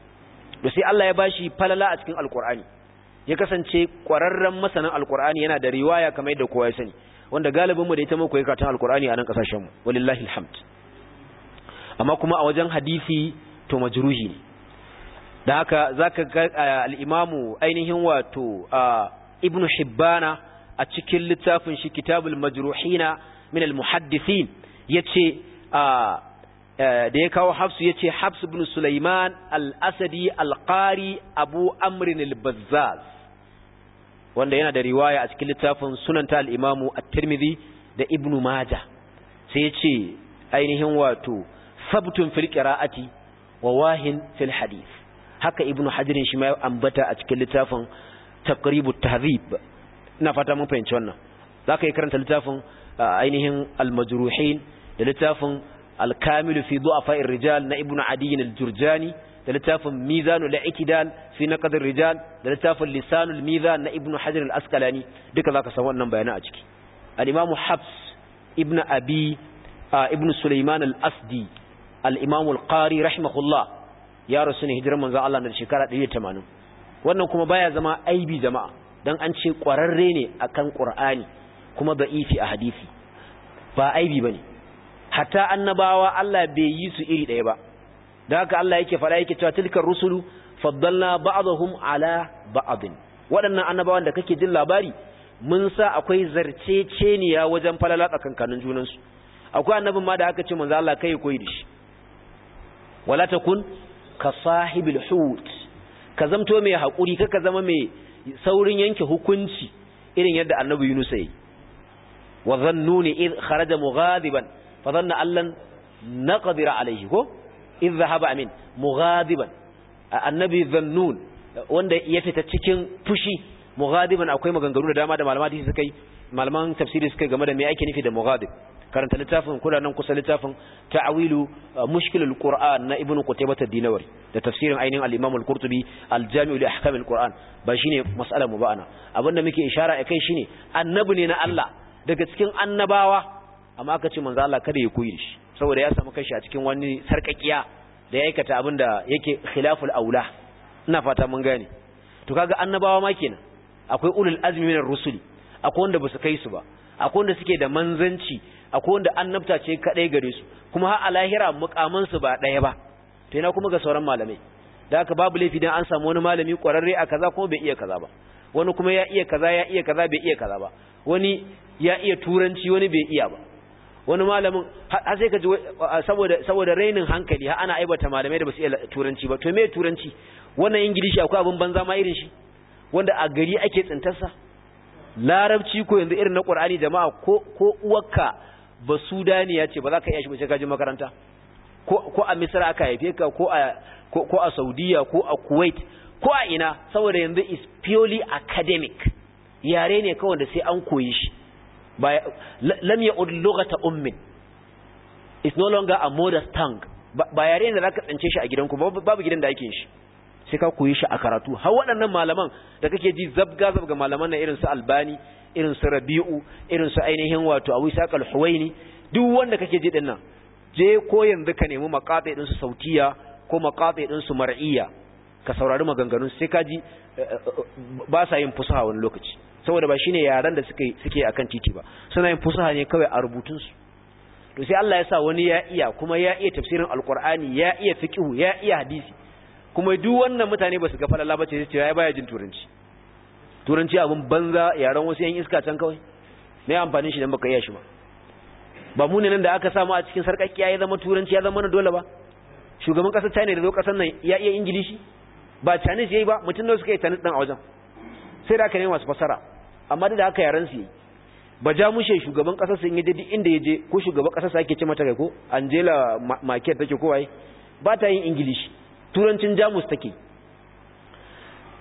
to sai Allah ya bashi falala a cikin alqur'ani ya kasance kwararren masanin alqur'ani yana da riwaya kamar yadda kowa ya sani wanda galibin mu da ita muka yi karatun alqur'ani a nan kasashen mu wallahi alhamd amma kuma a wajen hadisi to majruhi ne da haka zaka ga al-imamu ainihin wato ibn hibbana a cikin littafin shi kitabul majruhina min al-muhaddisin yace Eh, da ya kawo hafsu ya ce hafsu bin Sulaiman al-Asadi al-Qari Abu Amrin al bazaz wanda yana da riwaya a cikin littafin Sunanta al a at-Tirmidhi da Ibn Majah sai ya ce ainihin wato sabtun fil qira'ati wa wahin fil hadith haka Ibn Hajar shi ma ambata a cikin littafin Taqrib at ina fata mun fahimci wannan zaka yi karanta littafin eh, ainihin al-Majruhin da littafin alkamilu fi du'afa rijal na ibnu adiyin al da littafin mizanul i'tidal fi naqd rijal da littafin lisanul Miza na ibnu hajar duka zaka san wannan bayanan a ciki al-imamu hafs ibnu abi ibnu sulaiman al-asdi al-imamu al-qari rahimahullah ya rasu ne hijiran manzo Allah da shekara 180 wannan kuma baya zama aibi jama'a dan an ce kwararre ne akan qur'ani kuma da'ifi a hadisi ba aibi bane hatta annabawa Allah bai yi su iri ɗaya ba da haka Allah yake fara yake cewa tilkar rusulu faddalna ba'dahum ala ba'din waɗannan annabawan da kake jin labari mun sa akwai zarceceniya wajen falala tsakankanin junansu akwai annabin ma da aka ce manzo Allah kai koyi da shi wala takun ka sahibil hut ka zamto mai hakuri ka ka zama mai saurin yanke hukunci irin yadda annabi Yunus yayi wa zannuni id kharaja mughadiban fa zanna allan naqdir alaihi ko in zahaba amin mughadiban annabi zannun wanda ya fita cikin fushi mughadiban akwai maganganu da dama da malaman hadisi suka yi malaman tafsiri suka game da me ake nufi da mughadib karanta littafin kula nan kusa littafin ta'awilu mushkilul qur'an na ibnu qutaybah ad-dinawari da tafsirin ainihin al-imam al-qurtubi al-jami'u li ahkam ba shine mas'alar mu ba ana abinda muke ishara kai shine annabi ne na Allah daga cikin annabawa amma aka ce manzo Allah kada ya koyi shi saboda ya samu kashi a cikin wani sarkakiya da ya aikata abin da yake khilaful aula ina fata mun gane to kaga annabawa ma kenan akwai ulul azmi minar rusuli akwai wanda basu kai su ba akwai wanda suke da manzanci akwai wanda annabta ce kadai gare su kuma har a lahira mukamin su ba daya ba to ina kuma ga sauran malamai da haka babu laifi dan an samu wani malami kwararre a kaza kuma bai iya kaza ba wani kuma ya iya kaza ya iya kaza bai iya kaza ba wani ya iya turanci wani bai iya ba wani malamin har sai ka ji saboda saboda rainin hankali har ana aibata malamai da ba su iya turanci ba to me turanci wannan ingilishi akwai abin banza ma irin shi wanda a gari ake tsintarsa larabci ko yanzu irin na qur'ani jama'a ko ko uwarka ba sudaniya ce ba za ka iya shi ba sai ka je makaranta ko ko a misra aka haife ka ko a ko a saudiya ko a kuwait ko a ina saboda yanzu is purely academic yare ne kawai da sai an koyi shi by lam ud lughata ummin is no longer a mother's tongue ba yare ne da zaka tsance shi a gidan ku babu gidan da ake yin shi sai ka koyi shi a karatu har waɗannan malaman da kake ji zabga zabga malaman na irin su Albani irin su Rabi'u irin su ainihin wato Abu Isaq kalhuwaini duk wanda kake ji dinnan je ko yanzu ka nemi maqati din su sautiya ko maqati din su mar'iyya ka saurari maganganun sai ka ji eh, eh, ba sa yin fusaha wani lokaci saboda ba shine yaran da suke suke akan titi ba suna yin fusaha ne kawai a rubutun su to sai Allah ya sa wani ya iya kuma ya iya tafsirin alqur'ani ya iya fiqhu ya iya hadisi kuma duk wannan mutane ba su ga falala ba ce ce ya baya jin turanci turanci abun banza yaran wasu yan iska can kawai me amfanin shi dan baka iya shi ba ba mu ne nan da aka samu a cikin sarkaki ya zama turanci ya zama na dole ba shugaban ƙasar china da zo ƙasar nan ya iya ingilishi ba chinese ya yi ba mutum da suka yi chinese ɗan a wajen sai da aka ne masu fasara amma da haka yaran su yi ba ja mushe shugaban kasa sun yi duk inda yaje ko shugaban kasa sa yake ce mata kai ko Angela Merkel take ko waye ba ta yin English turancin Jamus take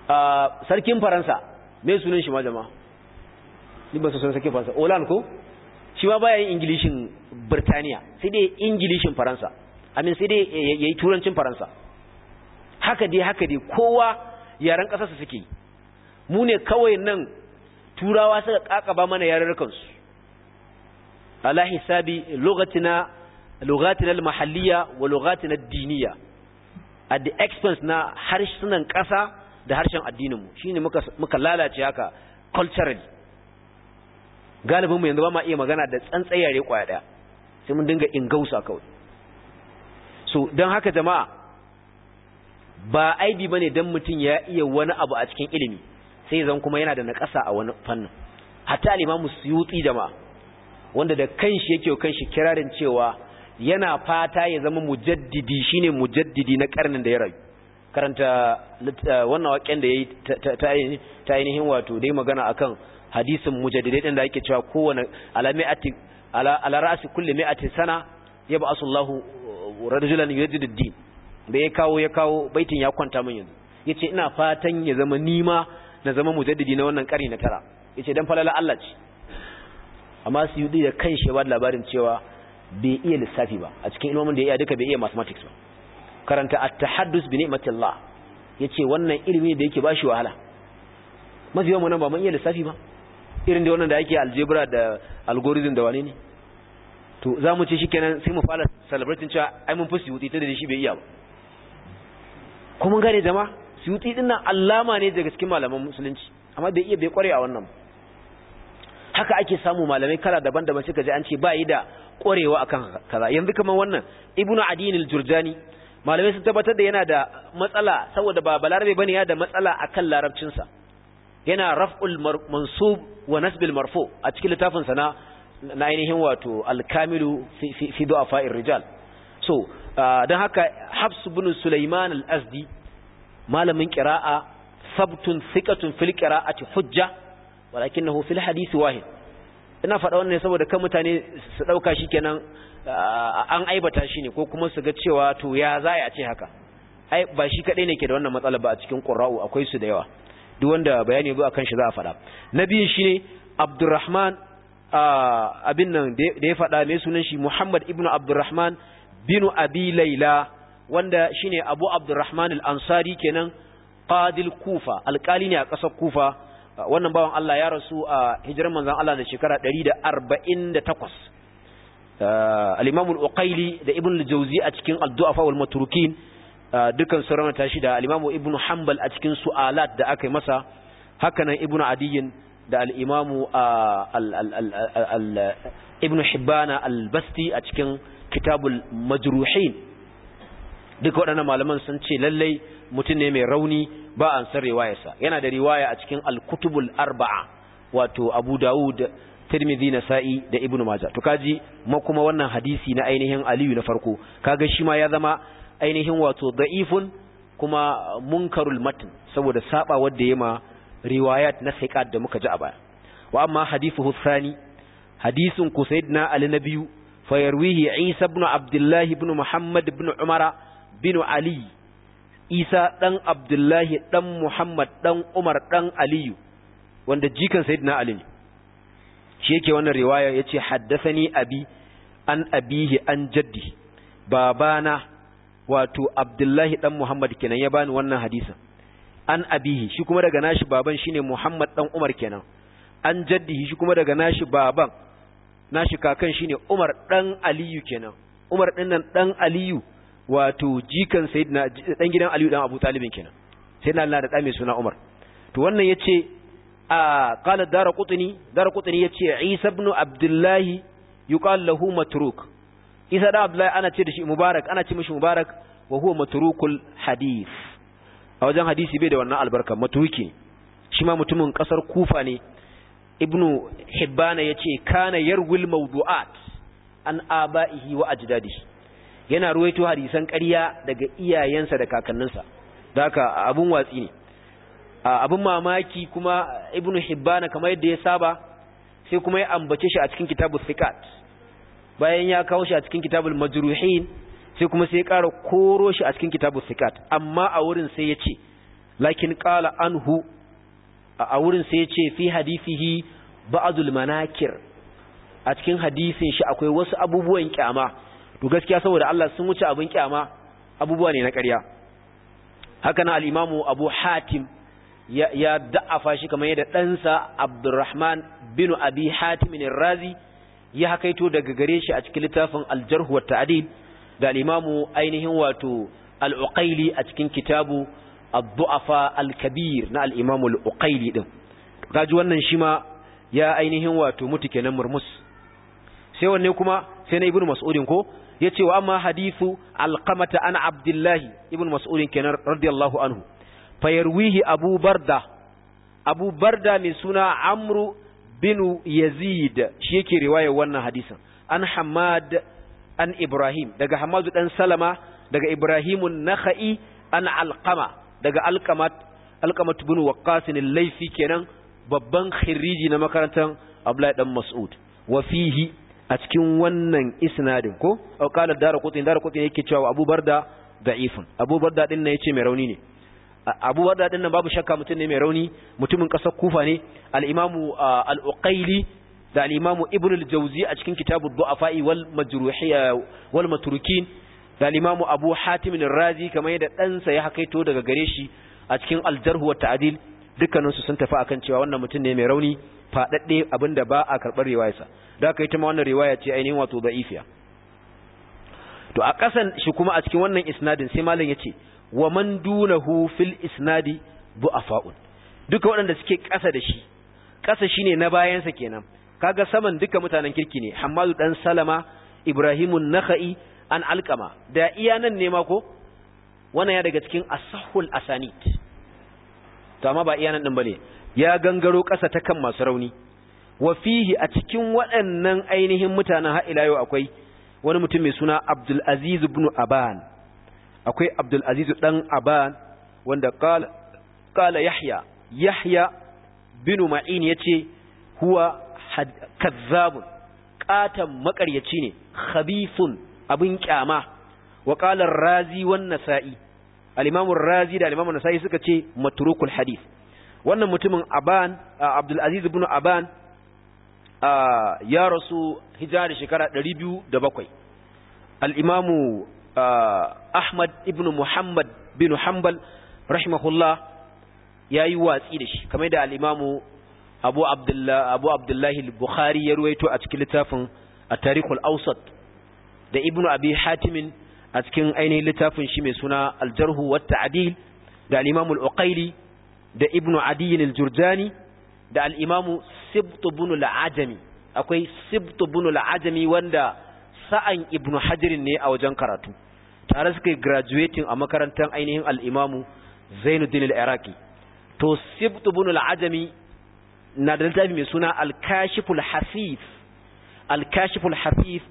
a ah, sarkin Faransa me sunan shi ma jama'a ni ba san sarkin Faransa Olan ko shi ma baya yin Englishin Birtaniya sai dai Englishin Faransa amin sai dai yayi turancin Faransa haka dai haka dai kowa yaran kasa su suke mu ne kawai nan turawa suka kakaba mana yarurrukansu ala hisabi lugatina lugatina al-mahalliya wa lugatina ad-diniya at the expense na harshen kasa da harshen addinin mu shine muka muka lalace haka culturally galibin mu yanzu ba ma iya magana da tsantsayare kwaya da sai mun dinga ingausa kawai so dan haka jama'a ba aibi bane dan mutum ya iya wani abu a cikin ilimi sai zan kuma yana da naƙasa a wani fannin hatta al-imamu suyuti jama'a wanda da kanshi yake o kanshi kirarin cewa yana fata ya zama mujaddidi shine mujaddidi na karnin da ya rayu karanta eh, wannan waƙen da yayi ta ainihin wato dai magana akan hadisin mujaddidai din da yake cewa kowane alami'ati ala ra'si kulli mi'ati sana yab'asu Allahu rajulan yujaddidu din da ya kawo ya kawo baitin ya kwanta min yanzu yace ina fatan ya zama nima na zama mujaddidi na wannan ƙari na tara yace dan falala Allah ce amma su yi da kan shewa da labarin cewa bai iya lissafi ba a cikin ilmomin da ya iya duka bai iya mathematics ba karanta at-tahaddus bi ya yace wannan ilimi da yake bashi wahala mafi mu nan ba mun iya lissafi ba irin da wannan da yake algebra da algorithm da wane ne to za mu ce shikenan sai mu fara celebrating cewa ai mun fi Suyuti ta da shi bai iya ba kuma gane jama'a suyuti din nan allama ne daga cikin malaman musulunci amma bai iya bai kware a wannan haka ake samu malamai kala daban-daban suka ji an ce ba yi da kwarewa akan kaza yanzu kamar wannan ibnu adin jurjani malamai sun tabbatar da yana da matsala saboda ba balarabe bane ya da matsala akan larabcinsa yana raf'ul mansub wa nasbil Marfo a cikin littafin sa na ainihin wato Alkamilu kamilu fi du'afa'ir rijal so ah, dan haka hafsu ibn sulaiman al-azdi malamin qira'a sabtun thiqatun fil qira'ati hujja walakinahu fil hadisi wahid ina faɗa wannan saboda kan mutane su dauka kenan an aibata shi ne ko kuma su ga cewa to ya za a ce haka ai ba shi kaɗai ne ke da wannan matsala ba a cikin ƙura'u akwai su da yawa duk wanda bayani ba akan shi za a faɗa shi ne abdurrahman abin nan da ya faɗa mai sunan shi muhammad ibnu abdurrahman binu abi laila wanda shine Abu Abdurrahman al-Ansari kenan qadil Kufa alkali ne a ƙasar Kufa wannan bawan Allah ya rasu a hijirar manzan Allah da shekara 148 uh, al-Imam al-Uqayli da Ibn al a cikin Ad-Du'afa wal Matrukin uh, dukan su ramata da imam Ibn Hanbal a cikin Su'alat da aka yi masa hakanan Ibn Adiyyin da uh, al Ibn Hibbana albasti a cikin Kitabul Majruhin duk waɗannan malaman sun ce lallai mutum ne mai rauni ba an san riwayarsa yana da riwaya a cikin al-kutubul arba'a wato Abu Dawud Tirmidhi Nasa'i da Ibn Majah to kaji ma kuma wannan hadisi na ainihin Aliyu na farko kaga shi ma ya zama ainihin wato da'ifun kuma munkarul matn saboda saba wanda ma riwayat na siqat da muka ji a baya wa amma hadithu thani hadisun ku sayyidina Ali na biyu fayarwihi Isa ibn Abdullah ibn Muhammad ibn Umara bin Ali Isa dan Abdullahi dan Muhammad dan Umar dan Aliyu wanda jikan Sayyidina Ali ne shi yake wannan riwaya yace haddathani abi an abihi an jaddi babana wato Abdullahi dan Muhammad kenan ya bani wannan hadisa. an abihi shi kuma daga nashi baban shine Muhammad dan Umar kenan an jaddihi shi kuma daga nashi baban nashi kakan shine Umar dan Aliyu kenan Umar ɗin nan dan Aliyu wato jikan sayyidina dan gidan Ali dan abu talibin kenan sayyidina allah da mai suna umar to wannan yace a qala daraqutni daraqutni yace isa ibn abdullahi yuqal lahu matruk isa da abdullahi ana ce da shi mubarak ana ce mishi mubarak wa huwa matrukul hadith a wajen hadisi bai da wannan albarka matruki shi ma mutumin kasar kufa ne ibnu hibbana yace kana yarwil mawdu'at an aba'ihi wa ajdadihi yana ruwaito hadisan ƙarya daga iyayensa da kakanninsa da haka abun watsi ne abun mamaki kuma ibnu hibbana kamar yadda ya saba sai kuma ya ambace shi a cikin kitabul thiqat bayan ya kawo shi a cikin kitabul majruhin sai kuma sai ya ƙara koro shi a cikin kitabul thiqat amma a wurin sai ya ce lakin qala anhu a wurin sai ya ce fi hadisihi ba'dul manakir a cikin hadisin shi akwai wasu abubuwan kyama to gaskiya saboda Allah sun wuce abin kyama abubuwa ne na ƙarya haka nan al-imamu Abu Hatim ya, ya da'afa shi kamar yadda ɗansa Abdurrahman bin Abi Hatim ar-Razi ya hakaito daga gare shi a cikin littafin al-Jarh wa Ta'dil da al-imamu ainihin wato al-Uqayli a cikin kitabu ad-Du'afa al-Kabir na al-imamu al-Uqayli din kaji wannan shi ma ya ainihin wato mutu kenan murmus sai wanne kuma sai na ibnu mas'udin ko ce wa amma hadithu alkamata ana abdullahi ibn mas'ud kenan radiyallahu anhu fayarwihi abu barda abu barda mai suna amru bin yazid shi yake riwayar wannan hadisin an hamad an ibrahim daga hamadu dan salama daga ibrahimun nakhai an alqama daga alqamat alqamat bin waqqas laifi kenan babban khiriji na makarantar abdullahi dan mas'ud wa fihi a cikin wannan isnadin ko au qala darqutni darqutni yake cewa Abu Barda da'ifun Abu Barda din ne yace mai rauni ne Abu Barda din nan babu shakka mutum ne mai rauni mutumin kasar Kufa ne al-Imam al-Uqayli da al-Imam Ibn al-Jawzi a cikin kitabud du'afa'i wal majruhiyya wal matrukin da al-Imam Abu Hatim ar-Razi kamar yadda dan sa ya hakaito daga gare shi a cikin al-Jarh wa Ta'dil dukkaninsu sun tafi akan cewa wannan mutum ne mai rauni faɗaɗɗe abinda ba a karɓar riwayarsa da aka yi ta ma wannan riwaya ce ainihin wato da'ifiya to a ƙasan shi kuma a cikin wannan isnadin sai malam ya ce wa man dunahu fil isnadi bu du'afa'un duka waɗanda suke ƙasa da shi ƙasa shine na bayansa kenan kaga saman duka mutanen kirki ne Hammadu dan Salama Ibrahimun Nakhai an alqama da iya nan ne ma ko ya daga cikin asahul asanid to amma ba iya nan din bane ya gangaro ƙasa ta kan masu rauni wa fihi a cikin waɗannan ainihin mutanen har yau akwai wani mutum mai suna Abdul bin Aban akwai Abdul ɗan dan Aban wanda ƙala Yahya Yahya bin Ma'in yace huwa kazzabun Ƙaton maƙaryaci ne khabithun abin ƙyama. wa qala Razi wan Nasa'i al Razi da al-Imam Nasa'i suka ce matrukul hadith wannan mutumin aban abdulaziz ibn aban ya rasu hijira da shekara 207 al-imamu ahmad ibn muhammad bin hanbal rahimahullah yayi watsi da shi kamar da al-imamu abu abdullah abu abdullahi al-bukhari ya ruwaito a cikin littafin at-tarikh al-awsat da ibnu abi hatim a cikin ainihin littafin shi mai suna al-jarh wa at-ta'dil da al-imam al-uqayli da ibnu adiyin al-jurjani da al'imamu imamu sibtu ajami akwai sibtu bin ajami wanda sa'an ibnu Hajari ne a wajen karatu tare suka yi graduating a makarantar ainihin al'imamu imamu zainuddin to sibtu bin ajami na da littafi mai suna al-kashiful hasif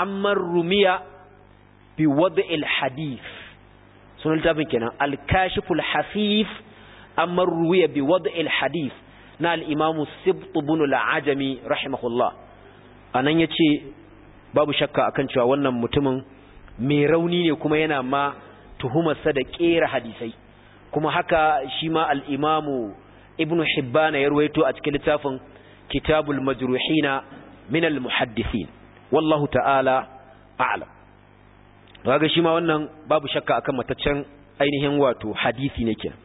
amman rumiya bi wad'il hadith sunan littafin kenan al-kashiful amma ruwiya bi wad'il hadith na al-imam sibt ibn al-ajami rahimahullah anan yace babu shakka akan cewa wannan mutumin mai rauni ne kuma yana ma tuhumarsa da kera hadisai kuma haka shi ma al-imam ibn hibban ya ruwaito a cikin littafin kitabul majruhina min al-muhaddithin wallahu ta'ala a'lam kaga shi ma wannan babu shakka akan mataccen ainihin wato hadisi ne kenan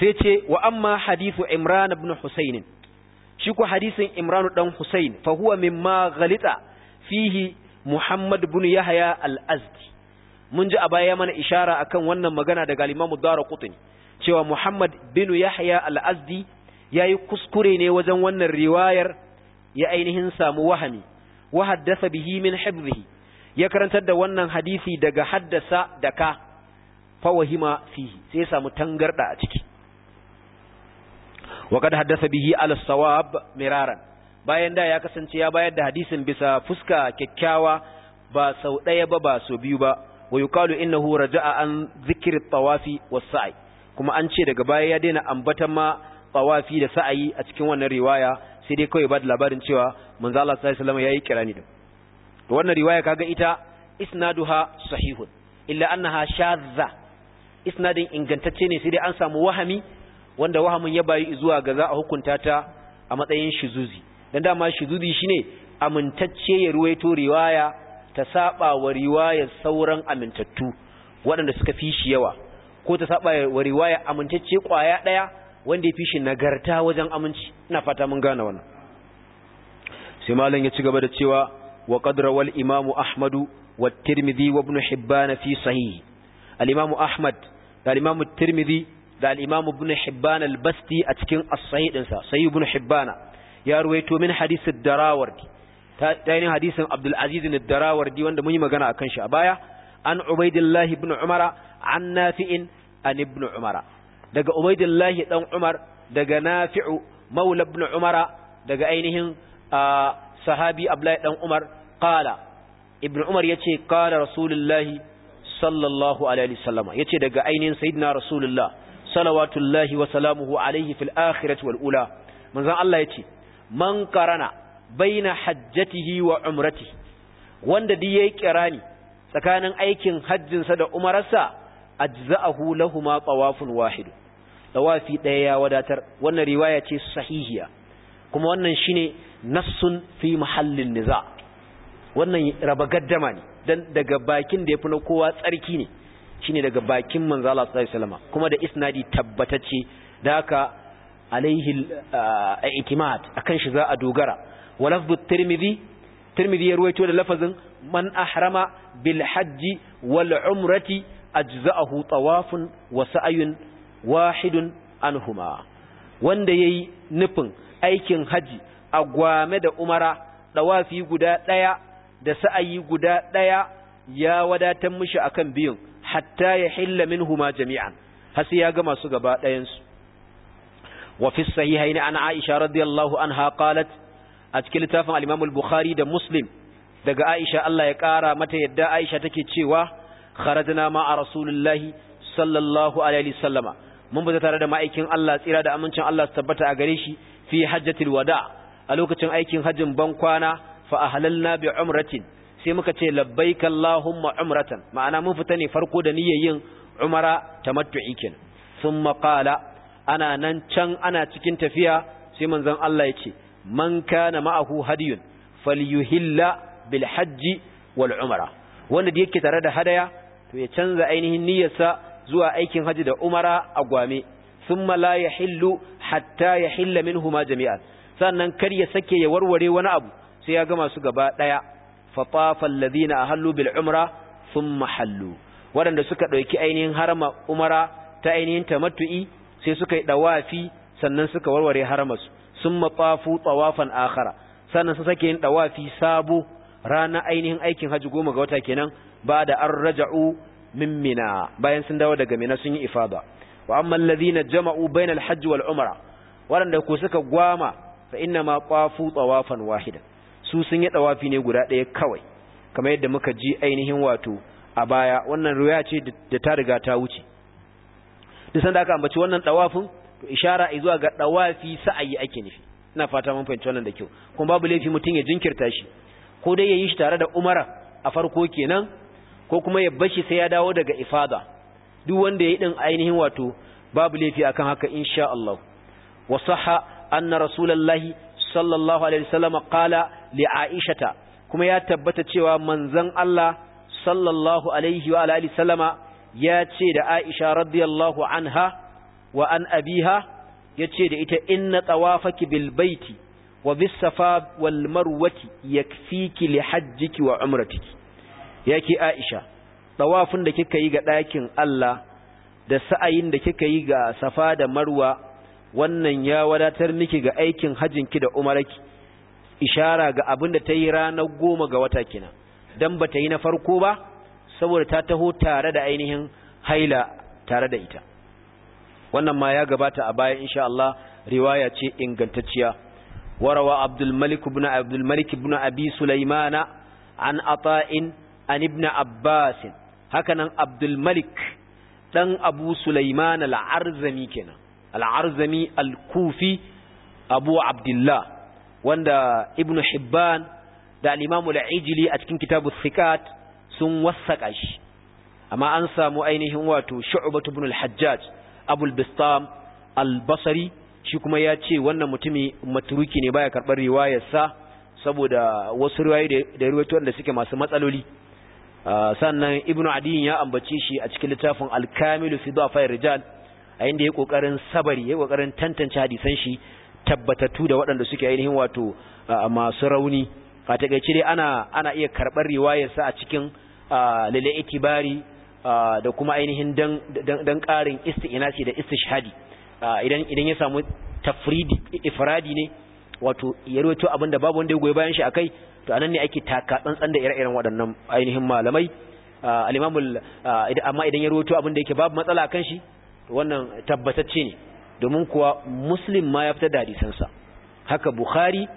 sai ce wa amma hadithu imran ibn husayn shi ko hadisin imran dan husayn fa huwa mimma ghalita fihi muhammad ibn yahya al-azdi mun ji a baya mana ishara akan wannan magana daga al-imam ad-darqutni cewa muhammad bin yahya al-azdi yayi kuskure ne wajen wannan riwayar ya ainihin samu wahami wa haddasa bihi min ya karantar da wannan hadisi daga haddasa daka fa wahima fihi sai ya samu tangarda a ciki wa kad haddasa bihi al sawab miraran bayan da ya kasance ya bayar da hadisin bisa fuska kyakkyawa ba sau daya ba ba sau biyu ba wa yuqalu innahu raja'a an dhikri tawafi was sa'i kuma an ce daga baya ya daina ambata ma tawafi da sa'ayi a cikin wannan riwaya sai dai kawai ba da labarin cewa manzo Allah sallallahu alaihi wasallam yayi kirani da wannan riwaya kaga ita isnaduha sahihun illa annaha shadza isnadin ingantacce ne sai dai an samu wahami wanda wahamin ya bayi zuwa ga za a hukunta ta a matsayin shizuzi dan dama shizuzi shine amintacce ya ruwaito riwaya ta saba wa riwayar sauran amintattu waɗanda suka fishi yawa ko ta saba wa riwaya amintacce kwaya daya wanda ya fishi nagarta wajen aminci ina fata mun gane wannan sai malam ya ci gaba da cewa wa qadra wal imamu ahmadu wa tirmidhi wa ibn hibban fi sahih al imamu ahmad da al imamu tirmidhi da al-Imam Ibn Hibban al-Basti a cikin as-Sahih dinsa Sahih Ibn Hibban ya ruwaito min hadisi Darawardi ta yin hadisin Abdul Aziz darawardi wanda mun yi magana akan shi a baya an Ubaidillah bin umara an Nafi'in an ibn umara daga Ubaidillah dan Umar daga Nafi'u maula bin umara daga ainihin sahabi Abdullah dan Umar qala ibn Umar ya ce qala Rasulullahi sallallahu alaihi wasallam yace daga ainihin sayyidina Rasulullah salawatullahi wa salamuhu alaihi fil akhirati wal ula manzon Allah yace man qarana baina hajjatihi wa umratihi wanda duk yayi kirani tsakanin aikin hajjin sa da umararsa ajza'ahu lahumma tawafun wahid tawafi daya ya wadatar wannan riwaya ce sahihiya kuma wannan shine nassun fi mahallin niza' wannan raba gaddama ne dan daga bakin da yafi na kowa tsarki ne shine daga bakin manzo Allah sallallahu alaihi wasallam kuma da isnadi tabbatacce da haka alaihi eh, i'timad akan shi za a dogara wa lafdhu tirmidhi tirmidhi ya ruwaito da lafazin man ahrama bil hajji wal umrati ajza'ahu tawafun wa sa'yun wahidun anhuma wanda yayi nufin aikin haji Agwame da umara dawafi guda daya da sa'ayi guda daya ya wadatar mishi akan biyun hatta ya hilla huma jami'an har sai ya gama su gaba ɗayan su wa fi an Aisha radiyallahu anha qalat a cikin littafin alimamul imam bukhari da Muslim daga Aisha Allah ya kara mata yadda Aisha take cewa kharajna a Rasulullahi sallallahu alaihi wasallama mun bada tare da ma'aikin Allah tsira da amincin Allah su tabbata a gare shi fi hajjatil wada a lokacin aikin hajjin ban kwana fa ahlalna bi umratin sai muka ce labbai Allahumma umratan ma'ana mun fita ne farko da niyyar yin umara ta kenan Sun maƙala ana nan can ana cikin tafiya sai manzan Allah ya ce man kana ma'ahu hadiyun falyuhilla bil hajji wal umra wanda da yake tare da hadaya to ya canza ainihin niyyarsa zuwa aikin haji da umara a gwame thumma la yahillu hatta yahilla minhuma jami'an sannan kar ya sake ya warware wani abu sai ya gama su gaba daya fatafa a hallu bil umra sun mahallu Waɗanda suka ɗauki ainihin harama umara ta ainihin tamattu'i sai suka yi ɗawafi sannan suka warware haramarsu sun tafu tsawafan akhara sannan su sake yin ɗawafi sabo ranar ainihin aikin hajji goma ga wata kenan ba da an raja'u min mina bayan sun dawo daga mina sun yi ifada wa amma jama'u bainal hajji wal umara waɗanda ku suka gwama fa inna ma qafu tsawafan wahidan su sun yi tawafi ne guda ɗaya kawai kamar yadda muka ji ainihin wato a baya wannan ruya ce da ta riga ta wuce duk sanda aka ambaci wannan tawafin to ishara izuwa ga tawafi sa'ayi ake nufi ina fata mun fahimci wannan da kyau kuma babu laifi mutum ya jinkirta shi ko dai ya yi shi tare da umara a farko kenan ko kuma ya bashi sai ya dawo daga ifada duk wanda ya yi din ainihin wato babu laifi akan haka insha Allah wa sahha anna rasulullahi sallallahu alaihi wasallam qala li Aishata kuma ya tabbata cewa manzon Allah sallallahu alaihi wa alihi sallama ya ce da Aisha radiyallahu anha wa an abiha yace da ita inna tawafaki bil baiti wa bis safa wal marwati yakfiki li hajjiki wa umratiki yake Aisha tawafin da kika yi ga ɗakin Allah da sa'ayin da kika yi ga safa da marwa wannan ya wadatar miki ga aikin hajjinki da umarki ishara ga abin da ta yi ranar goma ga wata kenan don ba ta yi na farko ba saboda ta taho tare da ainihin haila tare da ita wannan ma ya gabata a baya insha Allah riwaya ce ingantacciya warawa abdul malik ibn abdul malik ibn abi sulaimana an ata'in an ibn abbas hakanan abdul malik dan abu sulaiman al-arzami kenan al-arzami al-kufi abu abdullah wanda ibnu hibban da alimamul imamu a cikin kitabu thiqat sun wassaka shi amma an samu ainihin wato shu'batu ibn al-hajjaj abul bistam al shi kuma ya ce wannan mutumi maturuki ne baya karɓar riwayarsa saboda wasu riwayoyi da riwayoyi da suke masu matsaloli ah, sannan ibnu adiyin ya ambace shi a cikin littafin al-kamilu a dhafa'ir rijal a inda ya ƙoƙarin sabari ya ƙoƙarin tantance hadisan shi tabbatattu da waɗanda suke ainihin wato masu rauni a takaice dai ana ana iya karɓar riwayarsa a cikin lalle itibari da kuma ainihin dan dan ƙarin isti'nasi da istishhadi idan idan ya samu tafridi ifradi ne wato ya rawaito abinda babu wanda ya goyi bayan shi akai to anan ne ake taka tsantsan da ire-iren waɗannan ainihin malamai al-imamul amma idan ya rawaito abinda yake babu matsala kan shi wannan tabbatacce ne domin kuwa muslim ma ya fitar da hadisansa haka bukhari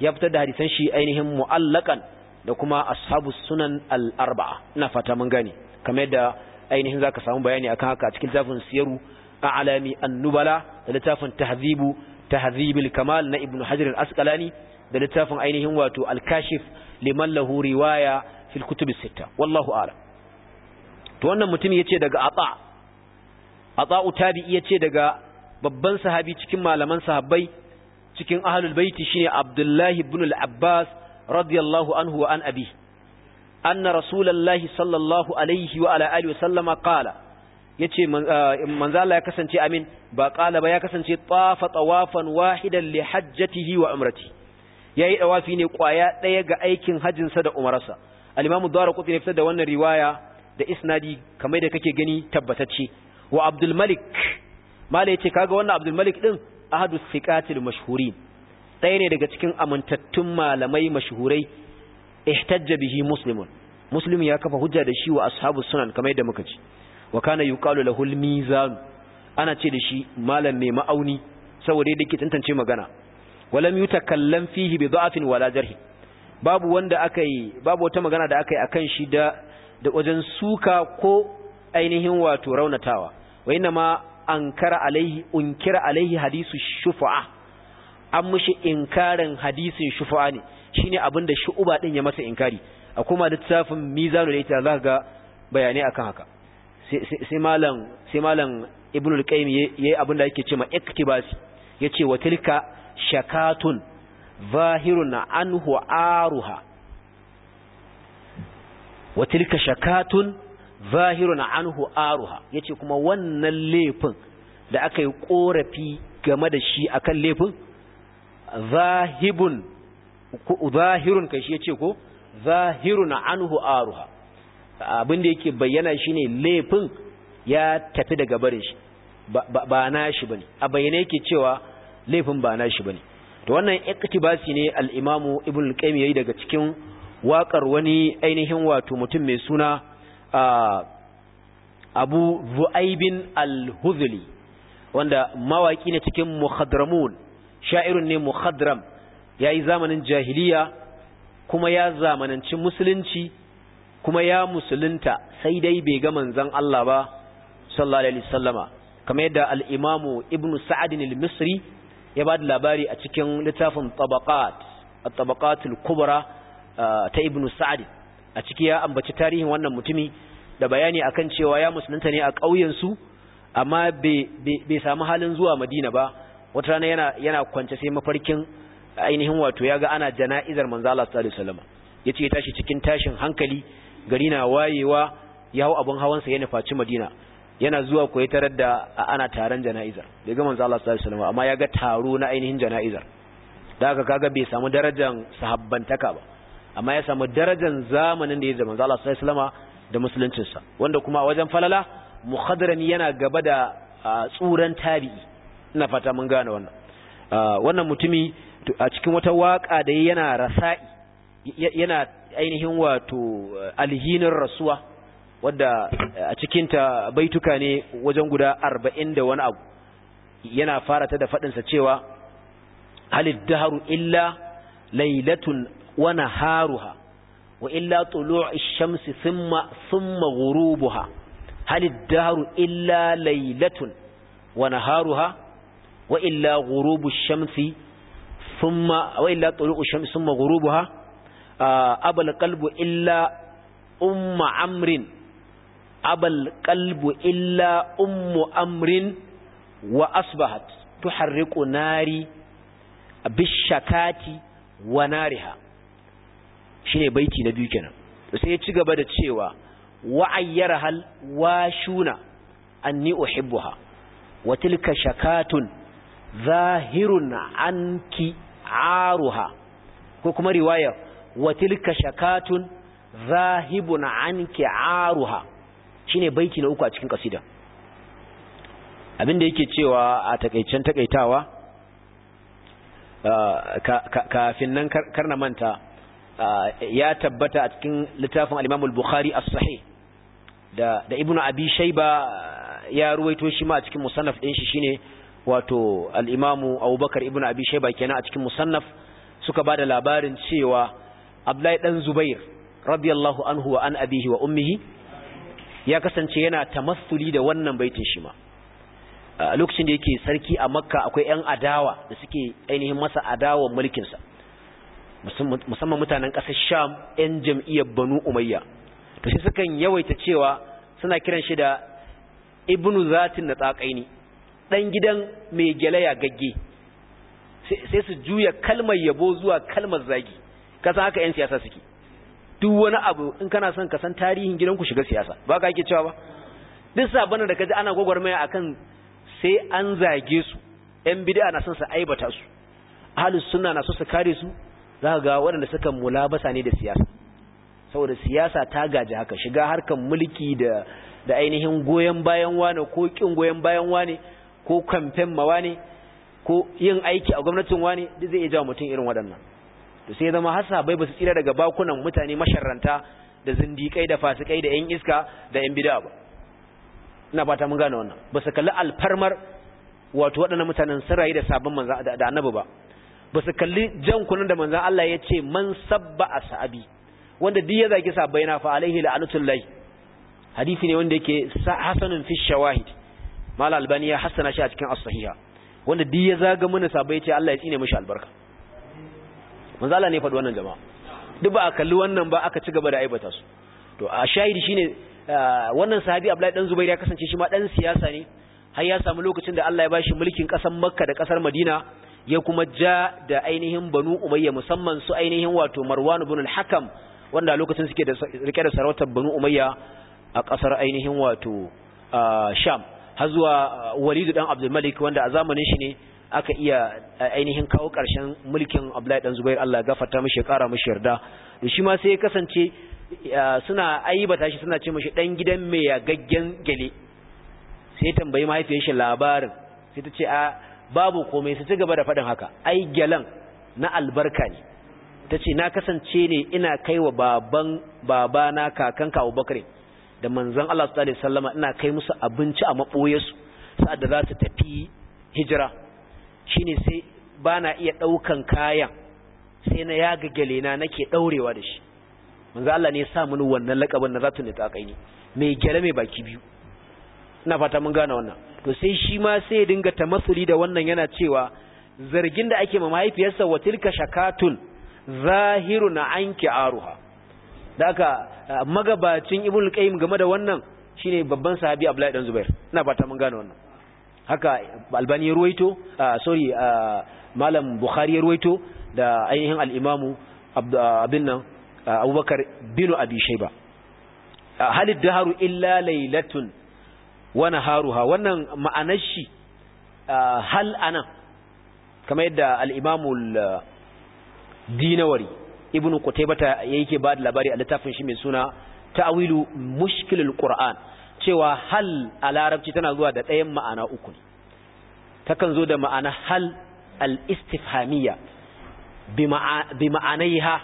ya fitar da hadisan shi ainihin mu'allakan da kuma ashabu sunan al-arba'a ina fata mun gane kamar yadda ainihin zaka samu bayani akan haka a cikin tafin siyaru a'lami an-nubala da littafin tahzibu tahzibil kamal na ibnu hajar al-asqalani da littafin ainihin wato al-kashif liman lahu riwaya fil kutub sitta wallahu a'lam to wannan mutum yace daga ata ata'u tabi'i yace daga babban sahabi cikin malaman sahabbai cikin ahlul baiti shine abdullahi ibn al-abbas radiyallahu anhu wa an abi anna rasulullahi sallallahu alaihi wa ala alihi wa sallama qala yace ah, manzo Allah ya kasance amin ba qala ba ya kasance tafa tawafan wahidan li hajjatihi wa umrati yayi dawafi ne kwaya daya ga aikin hajjin sa da umarsa al-imamu darqutni ya fitar da wannan riwaya da isnadi kamar da kake gani tabbatacce wa abdul malik mala yace kaga wannan Abdul Malik din ahadu siqatil mashhuri ɗaya ne daga cikin amintattun malamai mashhurai ihtajja bihi muslimun muslim ya kafa hujja da shi wa ashabu sunan kamar yadda muka ci wa kana yuqalu lahu al-mizan ana ce da shi malam mai ma'auni saboda yadda yake tantance magana walam yutakallam fihi bi da'afin wala jarhi babu wanda akai babu wata magana da akai akan shi da da wajen suka ko ainihin wato raunatawa wa inna ma ankara alaihi unkira alaihi hadisu shufa'a an mushi inkarin hadisin shufa'a ne shine abin da shu'uba din ya masa inkari a kuma littafin mizanu da ita zaka ga bayanai akan haka sai malam sai malam al qayyim yayi abin da yake cewa iktibasi yace wa tilka shakatun zahirun anhu aruha wa tilka shakatun zahirun anhu aruha yace kuma wannan laifin da aka yi korafi game da shi akan laifin zahibun zahirun kai shi yace ko zahirun anhu aruha abin da yake bayyana shine laifin ya tafi daga barin shi ba na shi bane a bayyana yake cewa laifin ba na shi bane to wannan iktibasi ne al-imamu ibnu al-qayyim yayi daga cikin waƙar wani ainihin wato mutum mai suna abu zu'aibin al-huzuli wanda mawaki ne cikin muhadramun sha'irun ne muhadram ya yi zamanin jahiliya kuma ya zamananci musulunci kuma ya musulunta sai dai bai ga manzan Allah ba sallallahu alaihi sallama, kamar yadda al-imamu ibnu sa'ad al-misri ya ba da labari a cikin littafin tabaqat at kubra ta ibnu sa'ad a ciki ya ambaci tarihin wannan mutumi da bayani akan cewa ya musulunta ne a ƙauyensu amma bai samu halin zuwa madina ba wata rana yana, yana kwance sai mafarkin ainihin wato ya ga ana jana'izar manzo Allah sallallahu alaihi wasallam yace ya tashi cikin tashin hankali gari na wayewa ya hau abun hawansa ya nufaci madina yana zuwa ko ya tarar da ana taron jana'izar bai ga manzo Allah sallallahu alaihi wasallam amma ya ga taro na ainihin jana'izar da aka kaga bai samu darajar sahabbantaka ba amma ya samu darajar zamanin da ya zama zala sai salama da musuluncinsa wanda kuma wajen falala mukhadram yana gaba da tsuran tabi'i ina fata mun gane wannan wannan mutumi a cikin wata waka da yana rasa'i yana ainihin wato alhinin rasuwa wadda a cikin ta baituka ne wajen guda arba'in da wani abu yana fara ta da faɗinsa cewa halid daharu illa lailatun ونهارها وإلا طلوع الشمس ثم, ثم غروبها هل الدهر إلا ليلة ونهارها وإلا غروب الشمس ثم وإلا طلوع الشمس ثم غروبها آه، أبى القلب إلا أم عمر أبى القلب إلا أم أمر وأصبحت تحرق ناري بالشكاة ونارها shine baiti na biyu kenan to sai ya ci gaba da cewa wa ayyara hal wa shuna anni uhibbuha wa tilka shakatun zahirun anki aruha ko kuma riwaya wa tilka shakatun zahibun anki aruha shine baiti na uku a cikin kasida abinda yake cewa a takaicen takaitawa ah, kafin nan karna manta ya tabbata a cikin littafin al bukhari as-Sahih da da Ibn Abi Shayba ya ruwaito shi ma a cikin musannaf din shi shine wato Al'imamu Abubakar Ibn Abi shaiba kenan a cikin musannaf suka ba da labarin cewa Abdullahi dan Zubair radiyallahu anhu wa an abihi wa ummihi ya kasance yana tamassuli da wannan baitin shi ma lokacin da yake sarki a Makka akwai ƴan adawa da suke ainihin masa adawan mulkinsa. musamman mutanen ƙasar sham 'yan jam'iyyar banu umayya to shi sukan yawaita cewa suna kiran shi da ibnu zatin na tsakaini ɗan gidan mai gyalaya gagge sai su juya kalmar yabo zuwa kalmar zagi kasa haka 'yan siyasa suke duk wani abu in kana son kasan tarihin tarihin gidanku shiga siyasa ba ka ake cewa ba duk sabon da kaji ana gwagwarmaya akan sai an zage su 'yan bid'a na son su aibata su ahlus sunna na so su kare su za ga waɗanda suka mulabasa ne da siyasa saboda siyasa ta gaji haka shiga harkar mulki da da ainihin goyon bayan wane ko kin goyon bayan wane ko kamfen ma wane ko yin aiki a gwamnatin wane duk zai iya jawo mutum irin waɗannan to sai zama har bai ba su tsira daga bakunan mutane masharranta da zindikai da fasikai da yan iska da yan bid'a ba ina fata mun gane wannan ba su kalli alfarmar wato waɗannan mutanen sun rayu da sabon manzo da annabi ba ba su kalli jan kunan da manzan Allah ya ce man sabba a sa’abi wanda duk ya zaki sabai na fa alaihi la'i hadisi ne wanda yake hasanun fi shawahid mala albani ya hasana shi a cikin as-sahiha wanda duk ya zaga mana sabai ce Allah ya tsine mishi albarka manzan Allah ne faɗi wannan jama'a duk ba a kalli wannan ba aka ci gaba da aibata su to a shahidi shine wannan sahabi Abdullahi dan zubairi ya kasance shi ma dan siyasa ne har ya samu lokacin da Allah ya bashi mulkin kasar Makka da kasar Madina ya kuma ja da ainihin banu umayya musamman su ainihin wato marwan ibn al-hakam wanda a lokacin suke da rike da sarautar banu umayya a kasar ainihin wato sham har zuwa walid dan abdul malik wanda a zamanin shi ne aka iya ainihin kawo karshen mulkin abdullahi dan zubair Allah ya gafarta mishi ya kara mishi yarda to shi ma sai ya kasance suna aibata shi suna ce mishi dan gidan mai gaggen gele sai tambayi mahaifiyar shi labarin sai ta ce a babu komai su ci gaba da faɗin haka ai gyalan na albarka ne ta ce na kasance ne ina kai wa baban kakan kawo bakare da manzon Allah sallallahu alaihi ina kai musu abinci a maɓoyarsu sa'ad da za su tafi hijira shine sai na iya ɗaukan kayan sai na yaga na nake ɗaurewa da shi manzo Allah ne ya sa mini wannan lakabin na zatu ne ta kai ne. mai gyale mai baki biyu ina fata mun gane wannan to sai shi ma sai ya dinga tamasuli da wannan yana cewa zargin da ake ma mahaifiyarsa wa tilka shakatun na anki aruha da aka eh, magabacin ibnu qayyim game da wannan shine babban sahabi abdullahi dan zubair ina fata mun gane wannan haka albani ruwaito eh, sorry eh, malam bukhari ruwaito da ainihin al-imamu abin nan abubakar bin abi shayba halid daharu illa laylatun Wani haruha wannan ma'anar shi hal anan kamar yadda al-imamu dinawari ibnu qutaybata yake ba da labari a littafin shi mai suna ta'wilu mushkilul qur'an cewa hal a larabci tana zuwa da ɗayan ma'ana uku ne takan zo da ma'ana hal al-istifhamiyya bi ma'anaiha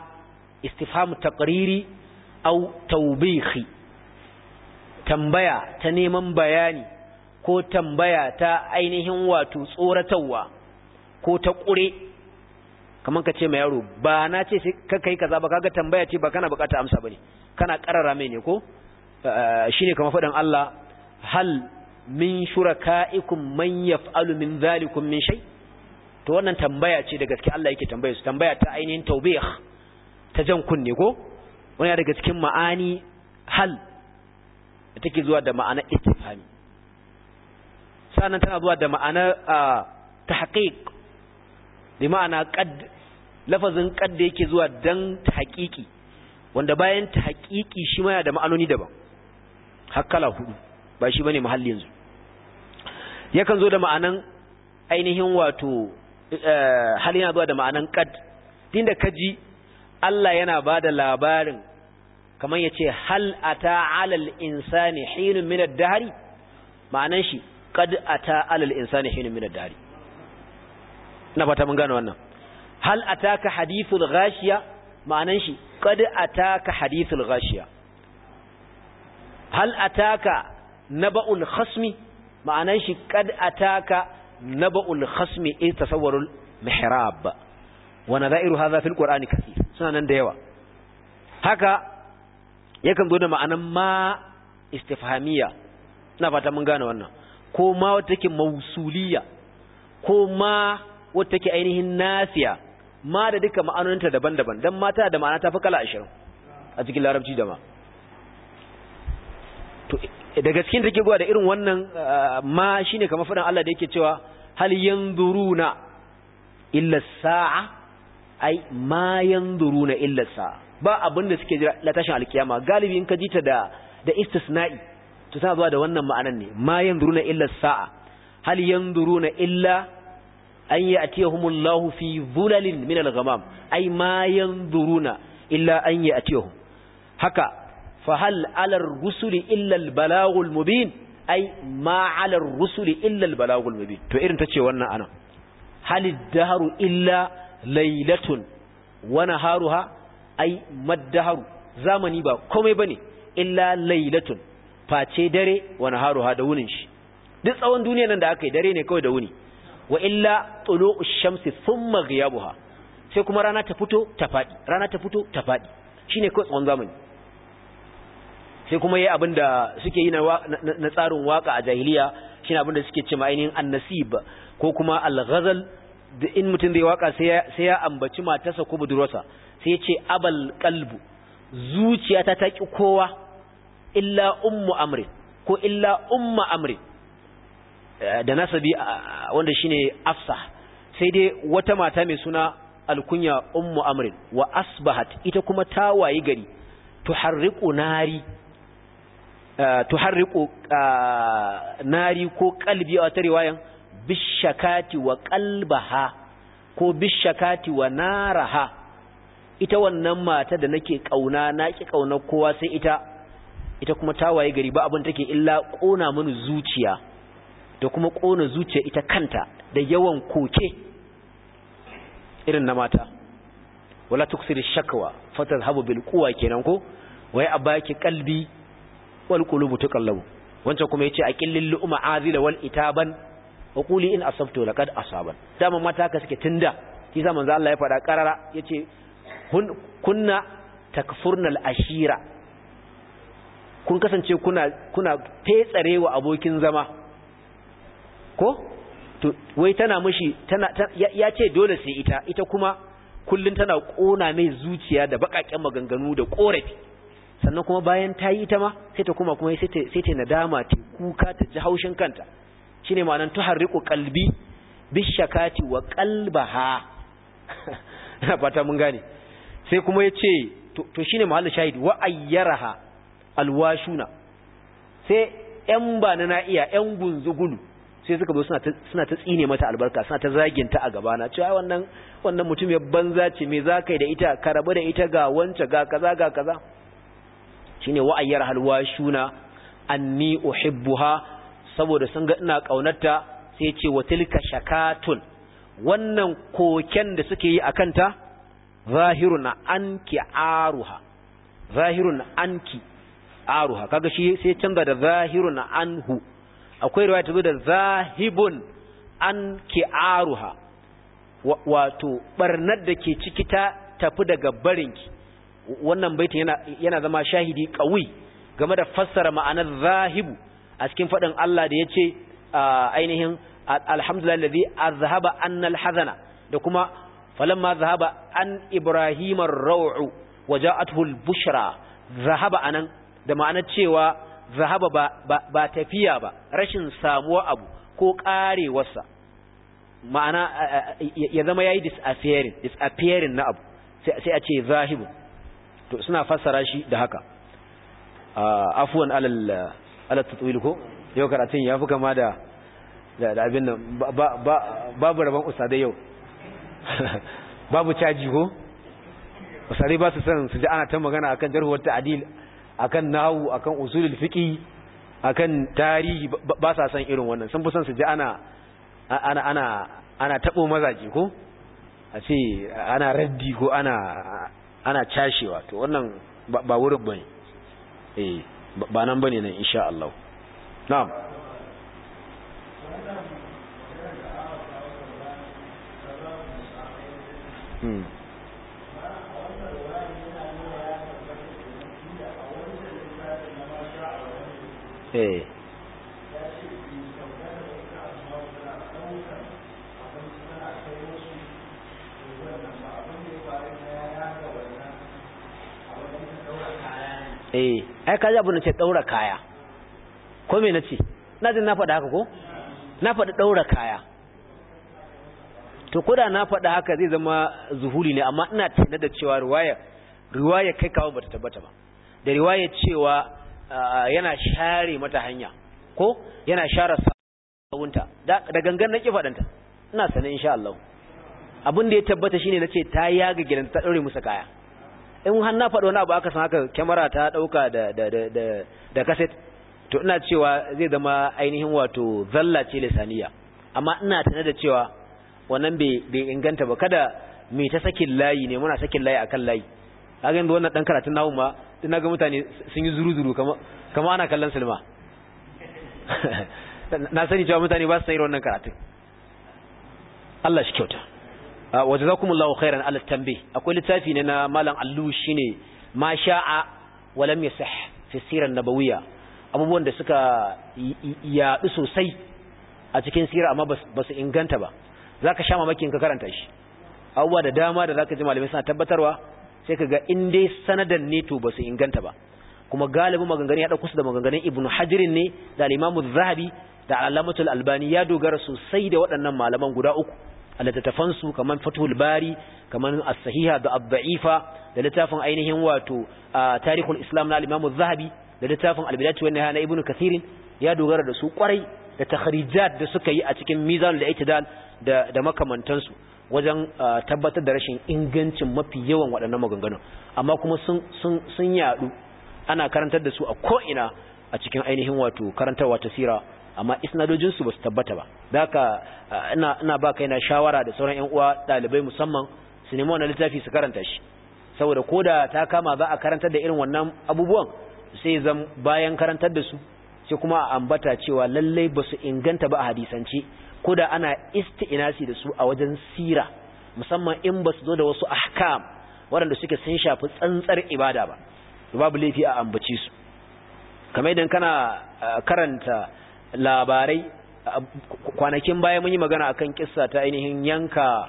istifhamu taqriri au taubihi. tambaya ta neman bayani ko tambaya ta ainihin wato tsoratarwa ko ta ƙure kamar ka ce mai yaro ba na ce ka kai kaza ba kaga tambaya ce ba kana bukata amsa ba bane kana karara mai ne ko eh, shine kamar faɗin Allah hal min shuraka'ikum man yaf'alu min zalikum min shay to wannan tambaya ce da gaske Allah yake tambaye su tambaya ta ainihin tawbih ta jan kunne ko wani daga cikin ma'ani hal da take zuwa da ma'ana istifhami sannan tana zuwa da ma'ana tahqiq bi ma'ana qad lafazin qad da yake zuwa dan tahqiqi wanda bayan tahqiqi shi ma yana da ma'anoni daban hakala hudu ba shi bane mahalli yanzu yakan zo da ma'anan ainihin wato eh, halina zuwa da ma'anan qad din da kaji Allah yana bada labarin kamar ce hal ata alal insani hinun min ad-dahri ma'anan shi qad ata alal insani hinun min ad-dahri ina fata mun gano wannan hal ataka hadithul ghashiya ma'anan shi qad ka hadithul ghashiya hal ataka naba'ul khasmi ma'anan shi qad ataka naba'ul khasmi in tasawwarul mihrab wa nadairu hadha fil qur'ani kaseer suna nan da yawa haka yakan zo da ma'anan ma istifhamiya na fata mun gane wannan ko ma wata ke mausuliya ko ma wata ke ainihin nasiya ma da duka ma'anoninta daban-daban dan mata da ma'ana ta fi kala ashirin a cikin larabci da ma to da take zuwa da irin wannan ah, ma ne kamar fadan Allah da yake cewa hal yanzuruna illa sa'a ai ma yanzuruna illa sa'a ba abin da suke jira la alkiyama galibi in ka ji ta da da istisna'i to ta zuwa da wannan ma'anan ne ma yanzuruna illa sa'a hal yanzuruna illa an ya'tiyahumullahu fi dhulalin min al-ghamam ay ma yanzuruna illa an ya'tiyahum haka fa hal فهل على الرسل إلا البلاغ المبين أي ما على الرسل إلا البلاغ المبين wannan تتشي وانا أنا هل illa laylatun ليلة ونهارها ai maddaharu zamani ba komai bane illa lailatun face dare wa naharuha da wunin shi duk tsawon duniya nan da aka yi dare ne kawai da wuni wa illa tulu'u shamsi thumma ghiyabuha sai kuma rana ta fito ta fadi rana ta fito ta fadi shine kawai tsawon zamani sai kuma yayi abinda suke yi na tsarin waka a jahiliya shine abinda suke cewa ainihin annasib ko kuma al da in mutum ya waka sai ya ambaci matarsa ko budurwarsa sai ce abal kalbu zuciya ta ki kowa illa ummu amri ko illa umma amri eh, da nasabi wanda shine afsa sai dai wata mata mai suna alkunya ummu amrin wa asbahat ita kuma ta wayi gari tuharriqu nari eh, tuharriqu eh, nari ko kalbi a ta riwayan bishakati wa qalbaha ko bishakati wa naraha ita wannan mata da nake kauna naki kauna kowa sai ita ita kuma tawaye gari ba abin take illa kona mini zuciya da kuma kona zuciya ita kanta da yawan koke irin na mata wala tuksiri shakwa fatazhabu bil quwa kenan ko wai abaki kalbi wal qulubu tuqallabu wancan kuma yace aqillil lu'ma azila wal itaban wa quli in asabtu laqad asaban dama mata ka suke tunda shi sa manzo Allah ya faɗa karara yace Kuna takfurnal ashira kun kasance kuna kuna abokin zama ko wai tana mishi tana ya ce dole sai ita ita kuma kullun tana kona mai zuciya da bakakken maganganu da korafi sannan kuma bayan ta yi ita ma sai ta kuma kuma sai ta nadama ta kuka ta ji haushin kanta shine ma'anar tuharriqu kalbi bishakati wa qalbaha [laughs] fata mun gane sai kuma ya ce to shine mahallin shahid wa ha alwashuna sai yan ba na iya yan gunzugulu sai suka zo suna ta tsine mata albarka suna ta zaginta a gabana cewa wannan wannan mutum ya banza ce me za ka yi da ita ka rabu da ita ga wancan ga kaza ga kaza shine wa ayyaraha alwashuna anni uhibbuha saboda sun ga ina kaunarta sai ce wa tilka shakatun wannan koken da suke yi a kanta. zahirun anki aruha zahirun anki aruha kaga shi sai canza da zahirun anhu akwai riwaya ta zo da zahibun anki aruha wato barnar da ke ciki ta tafi daga barin ki wannan baitin yana yana zama shahidi qawi game da fassara ma'anar zahibu a cikin fadin Allah da yace ainihin alhamdulillah azhaba annal hazana da kuma falamma zahaba an ibrahim ar waje waja'athu bushra zahaba anan da ma'ana cewa zahaba ba tafiya ba rashin samuwa abu ko karewarsa ma'ana ya zama yayi disappearing disappearing na abu sai a ce zahibu to suna fassara shi da haka afwan alal alal tatwil yau karatun ya fi kama da abin nan babu rabon usadai yau [laughs] babu caji ko misali ba su san su ji ana ta magana akan jarhuwar ta'dil akan nahwu akan usulul fiqi akan tarihi ba sa san irin wannan sun fi san su ji ana ana ana ana tabo mazaji ko a ce ana raddi ko ana ana cashewa to wannan ba wurin bane eh ba nan bane nan insha Allah na'am Hmm. eh eh ai na ce ɗaura kaya ko me na ce na zai na faɗa haka ko na faɗi ɗaura kaya to koda na faɗa haka zai zama zuhuli ne amma ina tana da cewa riwaya riwaya kai kawo bata tabbata ba da riwaya cewa yana share mata hanya ko yana share sabunta da gangan na faɗanta ina sanin insha Allah abin da ya tabbata shine nace ta yaga gidan ta daure musu kaya in har na faɗo wani abu aka san haka kyamara ta ɗauka da da da da da cassette to ina cewa zai zama ainihin wato zalla ce lisaniya amma ina tana da cewa wannan bai inganta ba kada mai ta sakin layi ne muna sakin layi akan layi a ga yanzu wannan dan karatun nawo ma ina ga mutane sun yi zuru-zuru kama ana kallon silma [laughs] na sani cewa mutane ba su sayar wannan karatun Allah shi kyauta wa lawo khairan Allah tambe akwai littafi ne na malam allu ne ma sha'a walam ya sah fi nabawiya abubuwan da suka yaɗu sosai a cikin sirar amma ba su inganta ba zaka sha mamakin ka karanta shi abubuwa da dama da zaka ji malamai suna tabbatarwa sai ka ga in dai sanadan ne to ba su inganta ba kuma galibin maganganun ya kusa su da maganganun Ibn Hajirin ne da al zahabi da Alamatul Albani ya dogara sosai da waɗannan malaman guda uku a littattafan su kamar Fathul Bari kamar As-Sahiha da ad da littafin ainihin wato Tarihul Islam na al zahabi da littafin Al-Bidayah wa na Ibn Kathir ya dogara da su kwarai da takharijat da suka yi a cikin Mizan da itidal da, makamantansu wajen tabbatar da rashin ingancin mafi yawan waɗannan maganganun amma kuma sun yaɗu ana karantar da su a ko'ina a cikin ainihin wato karantarwa ta sira amma isnadojinsu ba su tabbata ba da haka ina ba kai na shawara da sauran 'yan uwa ɗalibai musamman su nemi wani littafi su karanta shi saboda ko da ta kama za a karantar da irin wannan abubuwan sai zan bayan karantar da su sai kuma a ambata cewa lallai ba su inganta ba a hadisance ko da ana isti'inasi da su a wajen sira musamman in ba su zo da wasu ahkam waɗanda suke sun shafi tsantsar ibada ba babu laifi a ambaci su kamar idan kana eh, karanta labarai kwanakin baya mun yi magana akan kissa ta ainihin yanka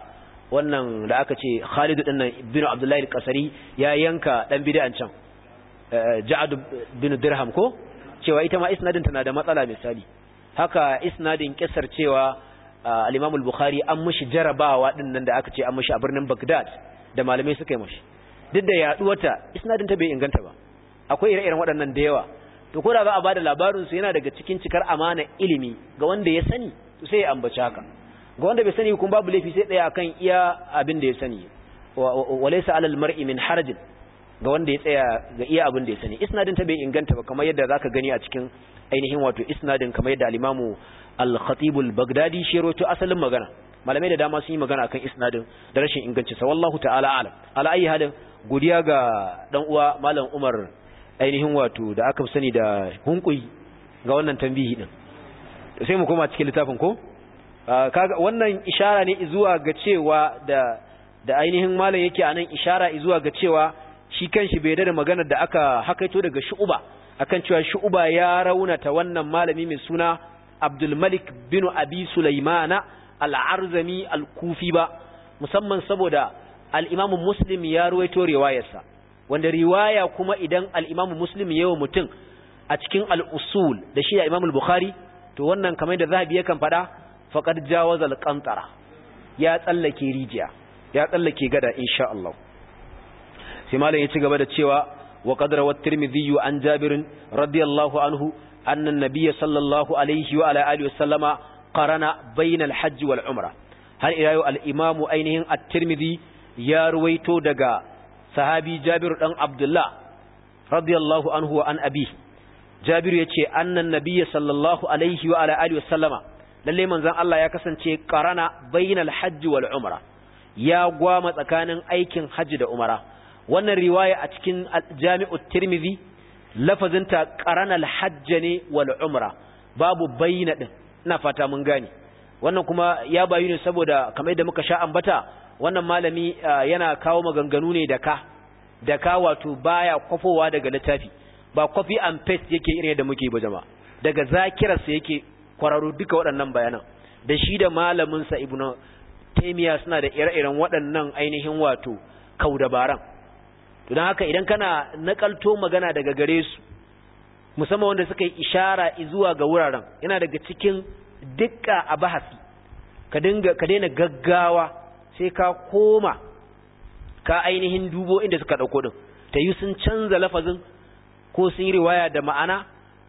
wannan da aka ce Khalidu din nan bin Abdullahi al-Qasari ya yanka dan bid'an can eh, Ja'ad bin Dirham ko cewa ita ma isnadin tana da matsala misali haka isnadin kisar cewa al-Imam al-Bukhari an mushi jarabawa din nan da aka ce an mushi a birnin Baghdad da malamai suka yi mushi duk da yaduwarta isnadin ta bai inganta ba akwai ire-iren waɗannan da yawa to ko da za a bada labarin su yana daga cikin cikar amana ilimi ga wanda ya sani to sai ya ambaci haka ga wanda bai sani kun babu laifi sai tsaya akan iya abin da ya sani walaysa alal mar'i min harajin ga wanda ya tsaya ga iya abin da ya sani isnadin ta bai inganta ba kamar yadda zaka gani a cikin ainihin wato isnadin kamar yadda al-imamu al-khatib al-baghdadi shi asalin magana malamai da dama sun yi magana kan isnadin da rashin inganci sa wallahu ta'ala alam ala ayi halin godiya ga dan uwa malam Umar ainihin wato da aka sani da hunkui ga wannan tambihi din sai mu koma cikin littafin ko kaga wannan ishara ne zuwa ga cewa da da ainihin malam yake anan ishara zuwa ga cewa shi kanshi bai da magana da aka hakaito daga shu'uba akan cewa shu'uba ya raunata wannan malami mai suna Abdul Malik bin Abi Sulaimana al-Arzami al-Kufi ba musamman saboda al-Imam Muslim ya ruwaito riwayarsa wanda riwaya kuma idan al-Imam Muslim wa mutum a cikin al-usul da shi da Imam al-Bukhari to wannan kamar da Zahabi yakan fada faqad jawaza al-qantara ya tsallake rijiya ya tsallake gada insha Allah sai malam ya ci gaba da cewa وقد روى الترمذي عن جابر رضي الله عنه أن النبي صلى الله عليه وعلى آله وسلم قرن بين الحج والعمرة هل إلهي الإمام أينه الترمذي يا رويتو دقا صحابي جابر عن عبد الله رضي الله عنه وعن أبيه جابر يتشي أن النبي صلى الله عليه وعلى آله وسلم للي منزان الله يكسن تشي قرن بين الحج والعمرة ya gwama tsakanin aikin hajji da umara wannan riwaya a cikin jami'u tirmidhi lafazinta qarana al-hajj ne wal umra babu bayyana din ina fata mun gane wannan kuma ya bayu ne saboda kamar yadda muka sha ambata wannan malami ah, yana kawo maganganu ne da ka da ka wato baya kwafowa daga littafi ba copy and paste yake irin da muke ba jama'a daga zakirarsa yake kwararru duka waɗannan bayanan da shi da malamin sa ibnu taymiya suna da ire-iren waɗannan ainihin wato kaudabaran to don haka idan kana nakalto magana daga gare su musamman wanda suka yi ishara zuwa ga wuraren yana daga cikin dukka a bahasi ka daina gaggawa sai ka koma ka ainihin dubo inda suka ɗauko ɗin ta yi sun canza lafazin ko sun yi riwaya da ma'ana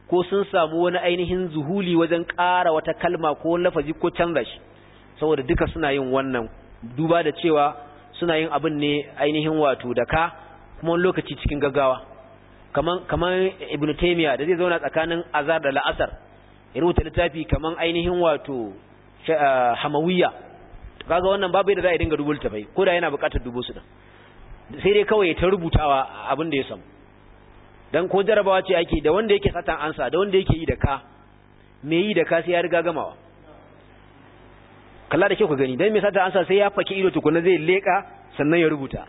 ko sun samu wani ainihin zuhuli wajen ƙara wata kalma ko lafazi ko canza shi saboda duka suna yin wannan duba da cewa suna yin abin ne ainihin wato da ka kuma wani lokaci cikin gaggawa kaman kaman ibn taymiya da zai zauna tsakanin azar da la'asar ya rubuta littafi kaman ainihin wato ah, hamawiyya kaga wannan babu yadda za a dinga rubuta bai ko da yana buƙatar dubu su sai dai kawai ta rubutawa abin da ya samu dan ko jarabawa ce ake da wanda yake satan ansa da wanda yake yi da ka me yi da ka sai ya riga gamawa kalla da kyau ka gani dan me satan ansa sai ya faki ido tukuna zai leka sannan ya rubuta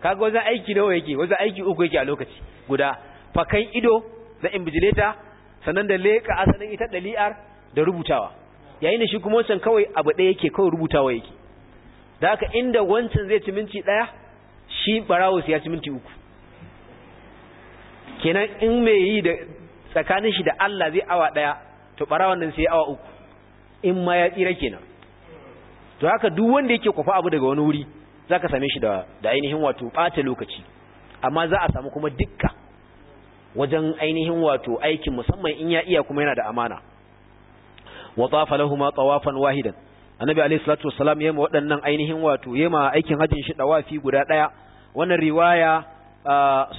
kaga wajen aiki nawa yake wajen aiki uku yake a lokaci guda fakan ido na invigilator sannan da leka asalin ita dali'ar da rubutawa yayin da shi kuma wancan kawai abu ɗaya yake kawai rubutawa yake da haka inda wancan zai ci minti ɗaya shi barawo ya ci minti uku kenan in mai yi da tsakanin shi da Allah zai awa ɗaya to barawon nan sai awa uku in ma ya tsira kenan to haka duk wanda yake kwafa abu daga wani wuri za ka same shi da ainihin wato ɓata lokaci amma za a samu kuma dukka wajen ainihin wato aikin musamman in ya iya kuma yana da amana wa tafa lahuma tawafan wahidan annabi alayhi salatu wassalam yema waɗannan ainihin wato yema aikin hajjin shi dawafi guda ɗaya wannan riwaya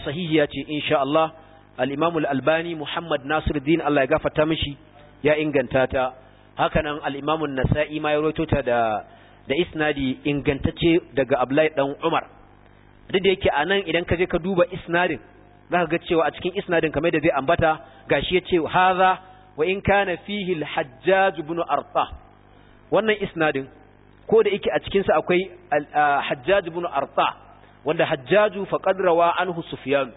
sahihiya ce insha Allah al-Imam al-Albani Muhammad Nasiruddin Allah ya gafarta mishi ya inganta ta hakanan al-Imam an-Nasa'i ma ya rawaito ta da da isnadi ingantacce daga Abdullahi dan Umar duk da yake anan idan ka je ka duba isnadin zaka ga cewa a cikin isnadin kamar da zai ambata gashi yace haza wa in kana fihi al-Hajjaj ibn Arta wannan isnadin ko da yake a cikin sa akwai Hajjaj ibn Arta wanda Hajjaj faqad rawa anhu Sufyan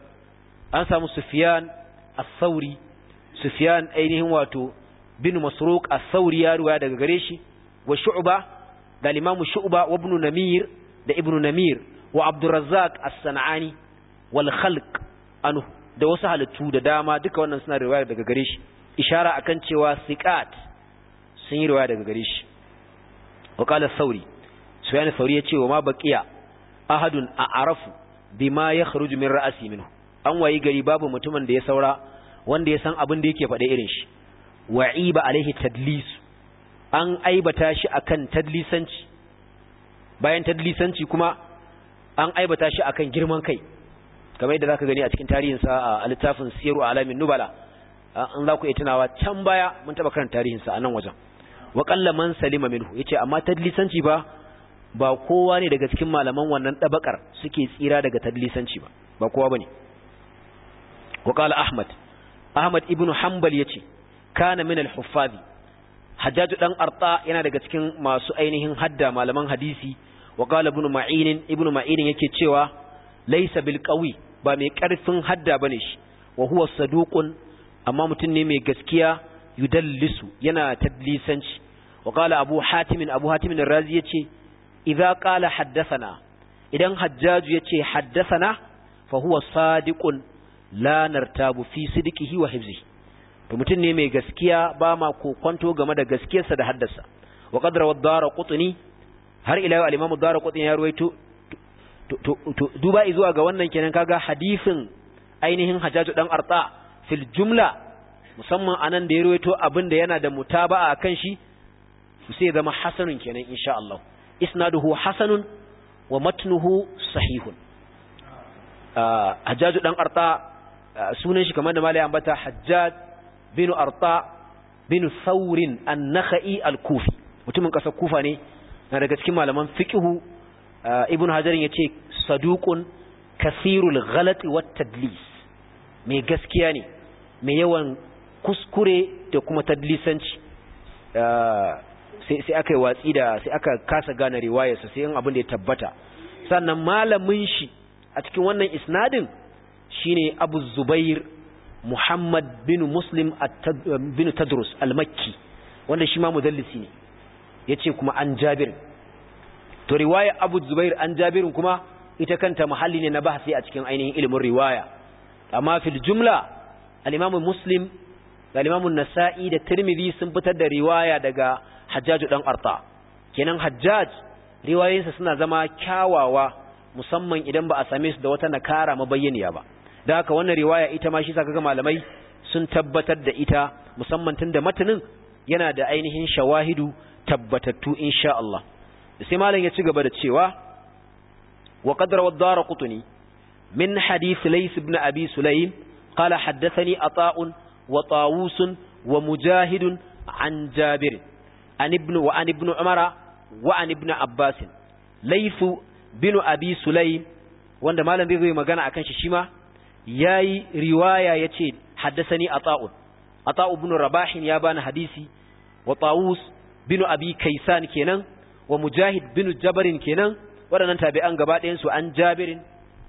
an samu Sufyan as-Sauri Sufyan ainihin wato bin Masruq as-Sauri ya ruwa daga gare shi wa Shu'ba da al-Imam Shu'ba wa Ibn Namir da Ibn Namir wa Abdurrazzaq As-San'ani wal Khalq anu da wasu halittu da dama duka wannan suna riwaya daga gare shi ishara akan cewa siqat sun yi riwaya daga gare shi wa qala Sauri Sufyan Sauri ce wa ma baqiya ahadun a'rafu bima yakhruju min ra'si minhu an wayi gari babu mutumin da ya saura wanda ya san abin da yake faɗa irin shi wa'iba alaihi tadlisu an aibata shi akan tadlisanci bayan tadlisanci kuma an aibata shi akan girman kai kamar yadda zaka gani a cikin tarihin sa a littafin Siru Alamin Nubala an za ku itinawa can baya mun taba karanta tarihin sa a nan wajen wa qalla man salima minhu yace amma tadlisanci ba ba kowa ne daga cikin malaman wannan dabakar suke tsira daga tadlisanci ba ba kowa bane wa qala Ahmad Ahmad ibnu Hanbal yace kana min al-huffazi hajjaju dan arta yana daga cikin masu ainihin hadda malaman hadisi wa qala ibn ma'in ibn ma'in yake cewa laysa bil qawi ba mai karfin hadda bane shi wa huwa saduqun amma mutum ne mai gaskiya yudallisu yana tadlisanci wa qala abu hatim abu hatim ar-razi yace idza qala haddathana idan hajjaju yace haddathana fa huwa sadiqun la nartabu fi sidqihi wa hifzihi to mutum ne mai gaskiya ba ma ko kwanto game da gaskiyarsa da haddasa wa qadra wa dara qutni har ila yau al-imam dara qutni ya ruwaito to duba zuwa ga wannan kenan kaga hadisin ainihin hajjaju dan arta fil jumla musamman anan da ya ruwaito abin da yana da mutaba'a kan shi sai zama hasanun kenan insha Allah isnaduhu hasanun wa matnuhu sahihun ah, hajjaju dan arta ah, sunan shi kamar da malai ambata hajjaj bin arta bin saurin annaka'i al-kufi mutumin kasar kufa ne na daga cikin malaman fiƙihu eh, ibn hajar ya ce saduƙun kasirul ghalati wat tadlis mai gaskiya ne mai yawan kuskure da kuma tadlisanci eh, sai aka yi watsi da sai aka kasa gane riwayarsa sai yin abin da ya tabbata sannan malamin shi a cikin wannan isnadin shine abu zubair muhammad bin muslim bin tadrus al-makki wanda shi ma mudallisi ne yace kuma an jabir to riwaya abu zubair an jabirin kuma ita kanta mahalli ne na bahasi a cikin ainihin ilimin riwaya amma fil jumla al-imamu muslim da al nasa'i da tirmidhi sun fitar da riwaya daga hajjaju dan arta kenan hajjaj riwayoyinsa suna zama kyawawa musamman idan ba a same su da wata nakara mabayyaniya ba da haka wannan riwaya ita ma shi kaga malamai sun tabbatar da ita musamman tunda matanin yana da ainihin shawahidu tabbatattu insha Allah sai malam ya ci gaba da cewa wa qad rawa ad min hadith lays ibn abi sulaym qala haddathani ata'un wa tawusun wa mujahidun an jabir an ibn wa an ibn umara wa an ibn abbas laythu bin abi sulaym wanda malam zai zo magana akan shi shima yayi riwaya ya yace haddathani ata'un ata'u ibn rabahin ya bani hadisi wa ta'us bin abi kaisan kenan wa mujahid bin jabarin kenan waɗannan tabi'an gaba ɗayan su an jabirin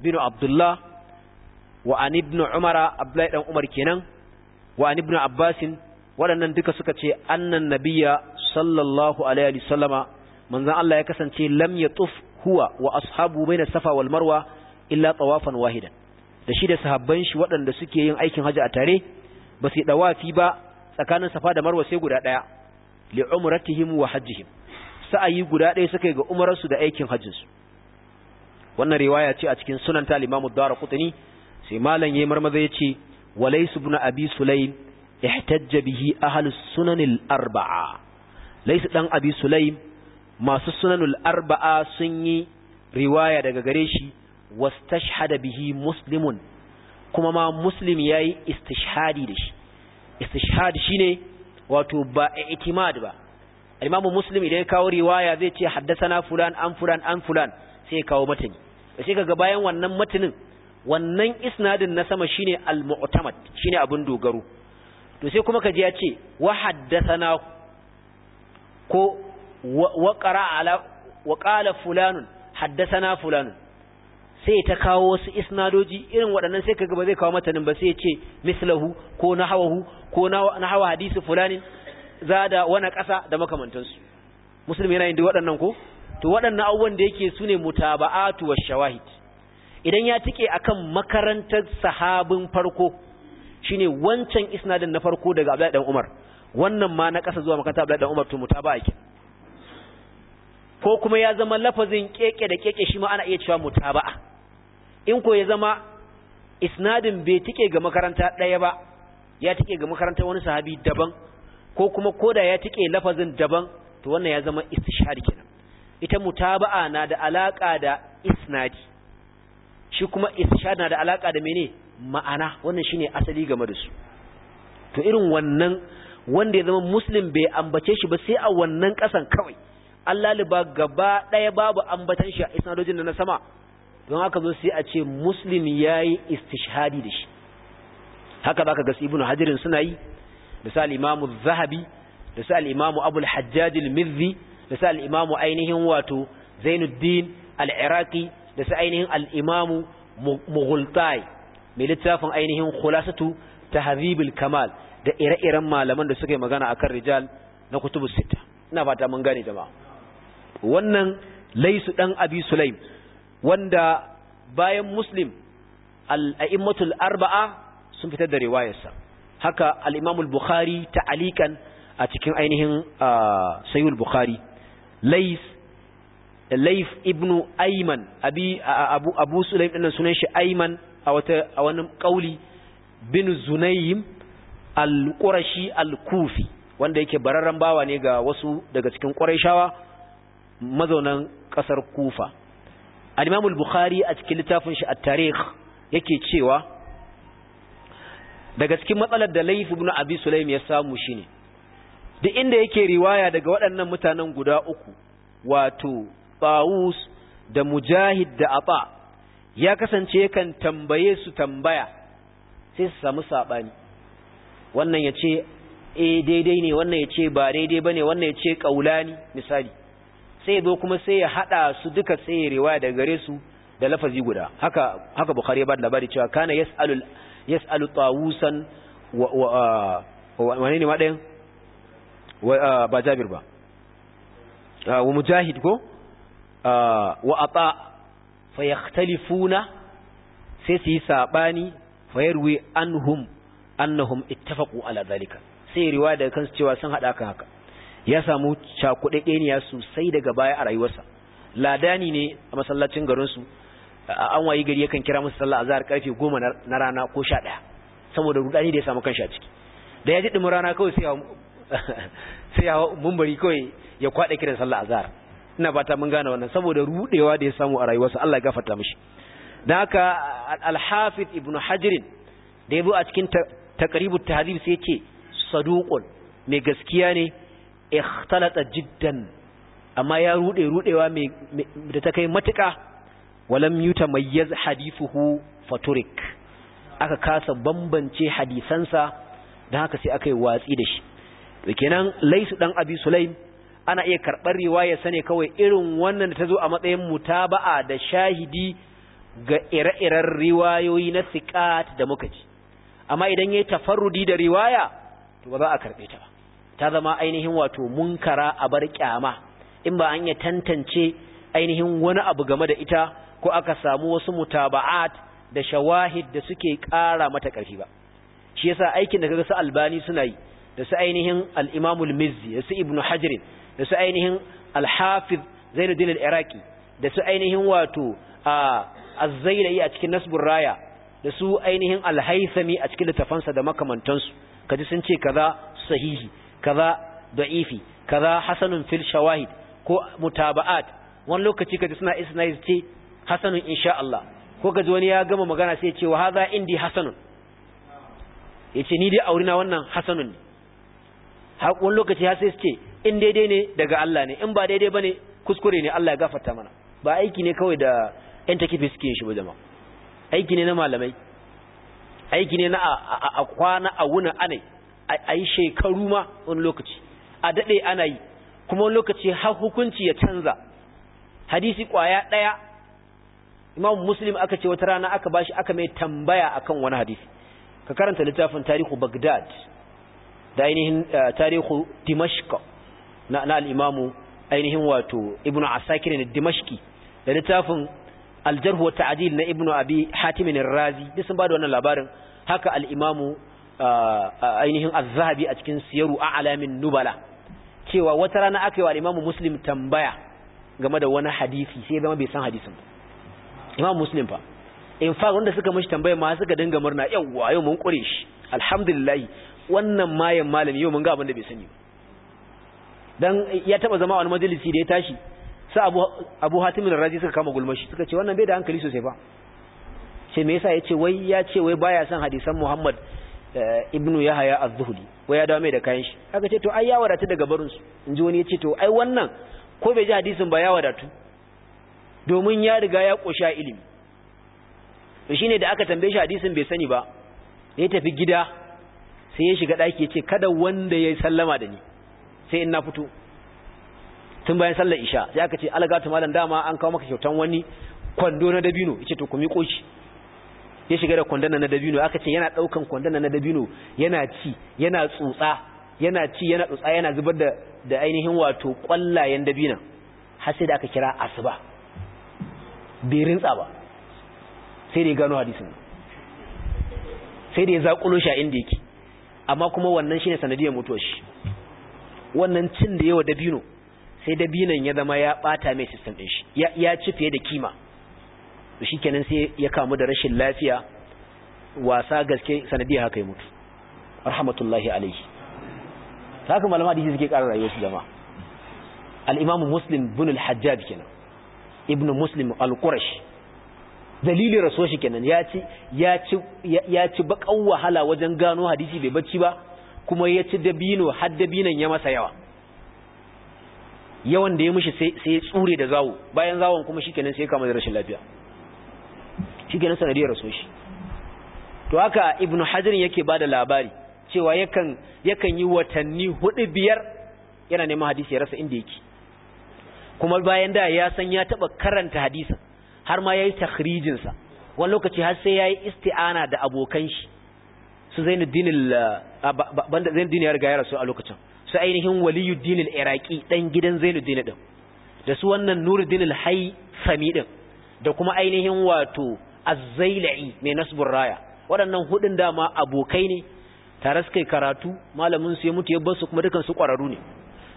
bin abdullah wa an ibn umara abdullahi dan umar kenan wa an ibn abbasin waɗannan duka suka ce annan nabiyya sallallahu alaihi wa sallama manzon Allah ya kasance lam yatuf huwa wa ashabu baina safa wal marwa illa tawafan wahidan da shi da sahabban shi waɗanda suke yin aikin hajji a tare ba su yi dawafi ba tsakanin safa da marwa sai guda ɗaya li umratihim wa hajjihim sa'ayi guda ɗaya suka yi ga umararsu da aikin hajjinsu wannan riwaya ce a cikin sunan ta limamu dara kutani sai malam yayi marmaza yace ce ibn abi sulaim ihtajja bihi ahli sunanil arba'a laisu dan abi sulaim masu sunanul arba'a sun yi riwaya daga gare shi wastashhada bihi muslimun kuma ma muslim yayi istishhadi da shi istishhad shine wato ba i'timad ba imamu muslim idan ya kawo riwaya zai ce haddasana fulan an fulan an fulan sai kawo matani sai kaga bayan wannan matanin wannan isnadin na sama shine al-mu'tamad shine abin dogaro to sai kuma kaji ya ce wa haddathana ko wa qara ala wa qala fulanun haddathana fulanun sai ta kawo wasu isnadoji irin waɗannan sai kaga ba zai kawo matanin ba sai ya ce mislahu ko nahawahu ko hawa hadisi fulani da wani ƙasa da makamantansu musulmi yana yin da waɗannan ko to waɗannan abubuwan da yake sune mutaba'atu wa shawahid idan ya tike akan makarantar sahabin farko shine wancan isnadin na farko daga Abdullahi dan Umar wannan ma na ƙasa zuwa makaranta Abdullahi dan Umar to mutaba'a ke ko kuma ya zama lafazin keke da keke shi ma ana iya cewa mutaba'a in ko ya zama isnadin bai tike ga makaranta ɗaya ba ya tike ga makarantar wani sahabi daban ko kuma koda ya tike lafazin daban to wannan ya zama istishari kenan ita mutaba'a na da alaka da isnadi shi kuma istishari na da alaka da mene ma'ana wannan shine asali game da su to irin wannan wanda ya zama muslim bai ambace shi ba sai a wannan kasan kawai Allah liba gaba ɗaya babu ambatan shi a isnadojin da na sama don haka zo sai a ce muslim ya yi istishhadi da shi haka baka ga ibnu hajirin suna yi da sa al-imamu zahabi da imamu abul hajjaj al-mizzi da imamu ainihin wato zainuddin al-iraqi da sa ainihin al-imamu mughultai mai littafin ainihin khulasatu tahdhibul kamal da ire-iren malaman da suka yi magana akan rijal na kutubus sita ina fata mun gane jama'a wannan laisu dan abi sulaim wanda bayan muslim al'a'immatul arba'a sun fitar da riwayarsa haka al'imamul bukhari ta alikan a cikin ainihin sayul bukhari laif ibnu aiman abu sulaim ɗin sunan shi aiman a wani ƙauli bin zunayim al-ƙurashi al-kufi wanda yake bararren bawa ne ga wasu daga cikin ƙwarai shawa mazaunan ƙasar kufa al-Imam al-Bukhari a cikin littafin shi at-Tarikh yake cewa daga cikin matsalar da Layth ibn Abi Sulaym ya samu shine duk inda yake riwaya daga waɗannan mutanen guda uku wato Tawus da Mujahid da Aba ya kasance yakan tambaye su tambaya sai su samu sabani wannan yace eh daidai ne wannan yace ba daidai bane wannan yace kaulani misali sai zo kuma sai ya hada su duka sai ya riwaya daga gare su da lafazi guda haka haka bukhari ya ba labari cewa kana yasalu yasalu tawusan wa wa wani ne dan wa ba jabir ba wa mujahid ko wa ata fayakhtalifuna sai su yi sabani fayarwi anhum annahum ittafaqu ala zalika sai riwaya daga kansu cewa sun hada kan haka ya samu cakuɗaɗɗeniya sosai daga baya a rayuwarsa ladani ne a masallacin garinsu an wayi gari yakan kira musu sallah azhar karfe 10 na rana ko 11 saboda rudani da ya samu kan a ciki da ya ji dumin rana kawai sai ya [laughs] sai ya mumbari kawai ya kwada kiran sallah azhar ina fata mun gane wannan saboda rudewa da ya samu a rayuwarsa Allah ya gafarta mishi dan haka al-hafiz ibnu hajr da ya yabo a cikin taqribut tahdhib sai ce saduqun mai gaskiya ne ikhtalata jiddan amma ya rude rudewa da ta kai matuka walam yutamayyaz hadithuhu faturik aka kasa bambance hadisansa dan haka sai aka yi watsi da shi to kenan laisu dan abi sulaim ana iya karbar riwaya sane kawai irin wannan da tazo a matsayin mutaba'a da shahidi ga ire-iren riwayoyi na siqat da muka ji amma idan yayi tafarrudi da riwaya to ba za a karbe ta ba ta zama ainihin wato munkara a bar kyama in ba an ya tantance ainihin wani abu game da ita ko aka samu wasu mutaba'at da shawahid da suke ƙara mata ƙarfi ba shi yasa aikin da kaga su albani suna yi da su ainihin al-imamul mizzi da su ibnu Hajrin, da su ainihin al-hafiz zainuddin al-iraqi da su ainihin wato az-zailai a cikin nasbur raya da su ainihin al-haythami a cikin littafansa da makamantansu kaji sun ce kaza sahihi kaza da'ifi kaza hasanun fil shawahid ko mutaba'at wani lokaci kaje suna isnai ce hasanun insha Allah ko kaji wani ya gama magana sai ya ce wa hadha indi hasanun yace ni dai aurina wannan hasanun ne har wani lokaci har sai ce in daidai ne daga Allah ne in ba daidai bane kuskure ne Allah ya gafarta mana ba aiki ne kawai da yan takifi suke shi ba jama'a aiki ne na malamai aiki ne na a kwana a wuna anai a yi shekaru ma wani lokaci a daɗe ana yi kuma wani lokaci har hukunci ya canza hadisi ƙwaya ɗaya imam muslim aka ce wata rana aka bashi aka mai tambaya akan wani hadisi ka karanta littafin tarihu bagdad da ainihin eh, tarihu dimashka na al'imamu ainihin wato Ibn asakir na dimashqi da littafin aljarhu wata adil na Ibn abi Hatimin razi duk sun da wannan labarin haka al'imamu. ainihin az-zahabi a cikin siyaru a a'lamin nubala cewa wata rana aka yi wa imamu muslim tambaya game da wani hadisi sai zama bai san hadisin imamu muslim fa in fa wanda suka mashi tambaya ma suka dinga murna yawwa yau mun kure shi alhamdulillah wannan mayan malami yau mun ga abin da bai sani dan ya taba zama wani majalisi da ya tashi sa abu abu hatim razi suka kama gulmashi suka ce wannan bai da hankali sosai ba sai me yasa yace wai ya ce wai baya san hadisan muhammad Eh, ibnu yahaya az-zuhri wai ya dawo mai da kayan shi kaga ce to ai ya wadatu daga barin su inji wani ya ce to ai wannan ko bai ji hadisin ba ya wadatu domin ya riga ya kosha ilimi to shine da aka tambaye shi hadisin bai sani ba ya tafi gida sai ya shiga daki ya ce kada wanda ya sallama da ni sai in na fito tun bayan sallar isha sai aka ce alagatu malam dama an kawo maka kyautan wani kwando na dabino yace to ku miƙo shi ya shiga da kwandana na dabino aka ce yana daukan kwandana na dabino yana ci yana tsutsa yana ci yana tsutsa yana zubar da da ainihin wato kwallayen dabina har sai da aka kira asuba bai rintsa ba sai da ya gano hadisin sai da ya zakulo shi a inda yake amma kuma wannan shine sanadiyar mutuwar shi wannan cin da yawa dabino sai dabinan ya zama ya bata mai system din shi ya ci fiye da kima to kenan sai ya kamu da rashin lafiya wasa gaske sanadiyya haka ya mutu rahmatullahi alaihi haka malama hadisi suke ƙara rayuwar su jama'a al-imam muslim ibn al-hajjaj kenan ibn muslim al qurash dalilin rasuwar shi kenan ya ci ya ci bakan wahala wajen gano hadisi bai bacci ba kuma ya ci dabino har dabinan ya masa yawa yawan da ya mishi sai ya tsure da zawo bayan zawon kuma shikenan sai ya kama da rashin lafiya shi ke nasa rasu shi to haka ibn hajarin yake ba da labari cewa yakan yi watanni hudu biyar yana neman hadisi ya rasa inda yake kuma bayan da ya san ya taba karanta hadisin har ma ya yi sa wani lokaci har sai ya yi isti'ana da abokan shi su zainuddin banda zainuddin ya riga ya rasu a lokacin su ainihin waliyuddin al-iraqi dan gidan zainuddin din da su wannan nuruddin al sami din da kuma ainihin wato azzailai zailai mai nasbur raya waɗannan hudun dama abokai ne tare su kai karatu malamin su ya mutu ya bar su kuma dukan su ƙwararru ne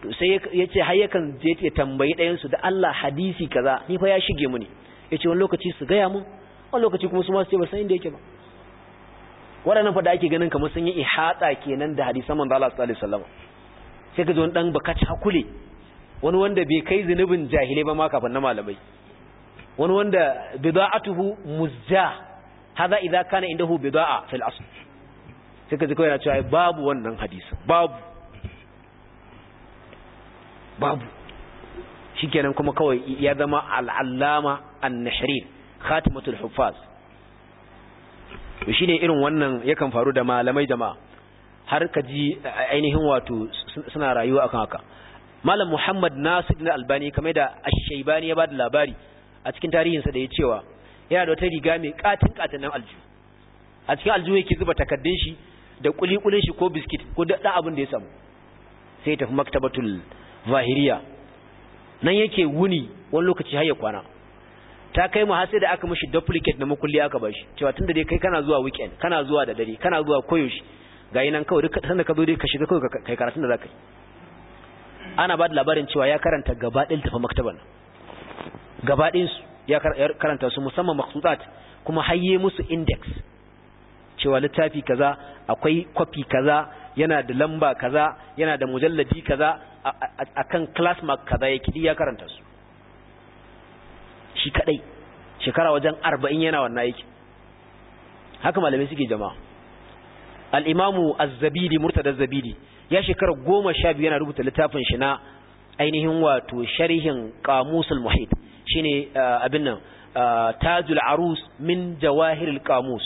to sai yace har yakan je ya tambayi ɗayan su da Allah hadisi kaza ni fa ya shige mu ne yace wani lokaci su gaya mun wani lokaci kuma su ma su ce ba san inda yake ba waɗannan fa da ake ganin kamar sun yi ihata kenan da hadisan manzo Allah sallallahu alaihi wasallam sai ka ji wani dan baka cakule wani wanda bai kai zunubin jahilai ba ma kafin na malamai wani wanda bida'atuhu muzja hadha idza kana indahu bida'a fil asl sai cewa babu wannan hadisi babu babu shikenan kuma kawai ya zama al-allama an-nahrin khatimatul huffaz shi ne irin wannan yakan faru da malamai jama'a har ka ji ainihin wato suna rayuwa akan haka malam muhammad nasir na albani kamar da ashaibani ya ba da labari a cikin tarihinsa da ya cewa yana da wata riga mai katin katin nan aljihu a cikin aljihu yake zuba takardun shi da kulikulin shi ko biskit ko da abin da ya samu sai ya tafi maktabatul zahiriya nan yake wuni wani lokaci har ya kwana ta kai mu har sai da aka mishi duplicate na makulli aka bashi cewa tunda dai kai kana zuwa weekend kana zuwa da dare kana zuwa koyaushe ga yi nan kawai duk sanda ka zo dai ka shiga kawai kai karatun da ka yi ana ba da labarin cewa ya karanta gaba ɗin tafi nan gabaɗin su ya karanta su musamman maksudat kuma hayye musu index cewa littafi kaza akwai kwafi kaza yana da lamba kaza yana da mujalladi kaza akan class mark kaza ya dai ya karanta su shi kadai shekara wajen 40 yana wannan aiki haka malamai suke jama'a al-imamu az-zabidi murtada az-zabidi ya shekara biyu yana rubuta littafin shi na ainihin wato sharhin qamusul muhit shine uh, abin nan uh, tajul arus min jawahiril qamus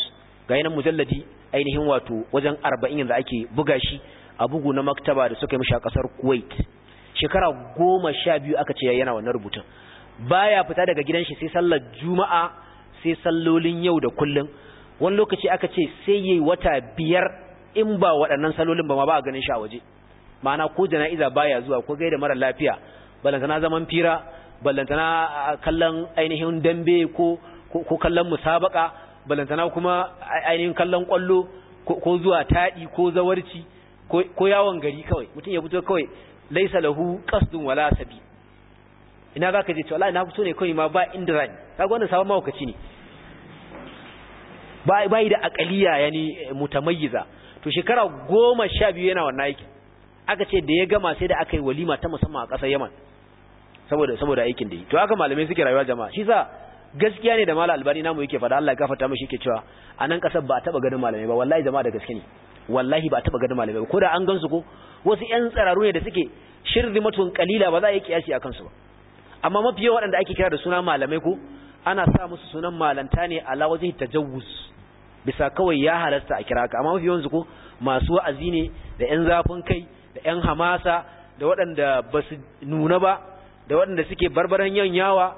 ga yanan mujalladi ainihin wato wajen 40 yanzu ake buga shi a bugu na maktaba da suka yi mishi a kasar Kuwait shekara goma sha biyu aka ce yana wannan rubutun baya fita daga gidan shi sai sallar juma'a sai sallolin yau da kullum wani lokaci aka ce sai yayi wata biyar in ba waɗannan sallolin ba ma ba a ganin shi a waje ma'ana ko jana'iza baya zuwa ko gaida mara lafiya balantana zaman fira ballantana kallon ainihin dambe ko ko kallon musabaka ballantana kuma ainihin kallon kwallo ko zuwa taɗi ko zawarci ko yawon gari kawai mutum ya fito kawai laisa lahu qasdun wala sabi ina zaka je to wallahi na fito ne kawai ma ba inda rani kaga wannan sabon mawukaci ne ba bai da aqaliya yani mutamayyiza to shekara 12 yana wannan yake aka ce da ya gama sai da aka yi walima ta musamman a ƙasar Yaman saboda saboda aikin da yi to haka malamai suke rayuwa jama'a shi sa gaskiya ne da malam albani namu yake faɗa Allah ya gafarta shi yake cewa a kasar ba a taba ganin malamai ba wallahi jama'a da gaske ne wallahi ba a taba ganin malamai ba ko da an gansu ko wasu yan tsararu ne da suke shirzimatun kalila ba za a yi kiyasi akan su ba amma mafi yawa waɗanda ake kira da suna malamai ko ana sa musu sunan malanta ne ala wajhi tajawuz bisa kawai ya halasta a kira ka amma mafi su ko masu wa'azi ne da yan zafin kai da yan hamasa da waɗanda ba su nuna ba da waɗanda suke barbaran yan yawa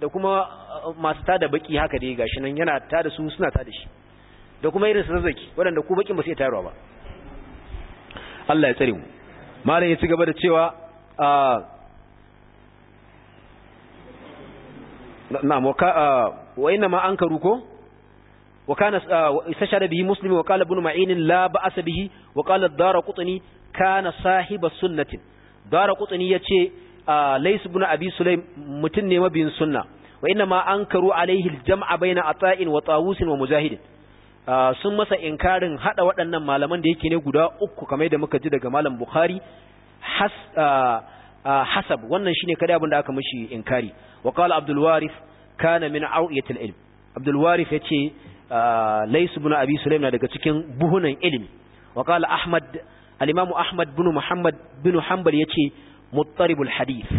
da kuma uh, masu tada baki haka dai gashi nan yana tada su suna tada shi da kuma irin sarzaki waɗanda ku bakin ba sai tayarwa ba Allah ya tsare mu malam ya ci gaba da cewa a uh, na mu ka uh, wa inna ma ankaru ko wa kana istashara bihi muslim wa qala ibn ma'in la ba'sa bihi wa qala ad dara qutni kana sahiba sunnatin qutni yace Lais ibn Abi Sulaim mutum ne mabiyin sunna wa inna ma ankaru alaihi jama'a baina ata'in wa tawus wa mujahid sun masa inkarin hada waɗannan malaman da yake ne guda uku kamar da muka ji daga malam Bukhari hasab wannan shine kada abin da aka mishi inkari wa qala Abdul Warith min awiyat al-ilm Abdul Warith yace Lais ibn Abi Sulaim na daga cikin buhunan ilimi wa Ahmad al Ahmad Muhammad yace muttaribul hadith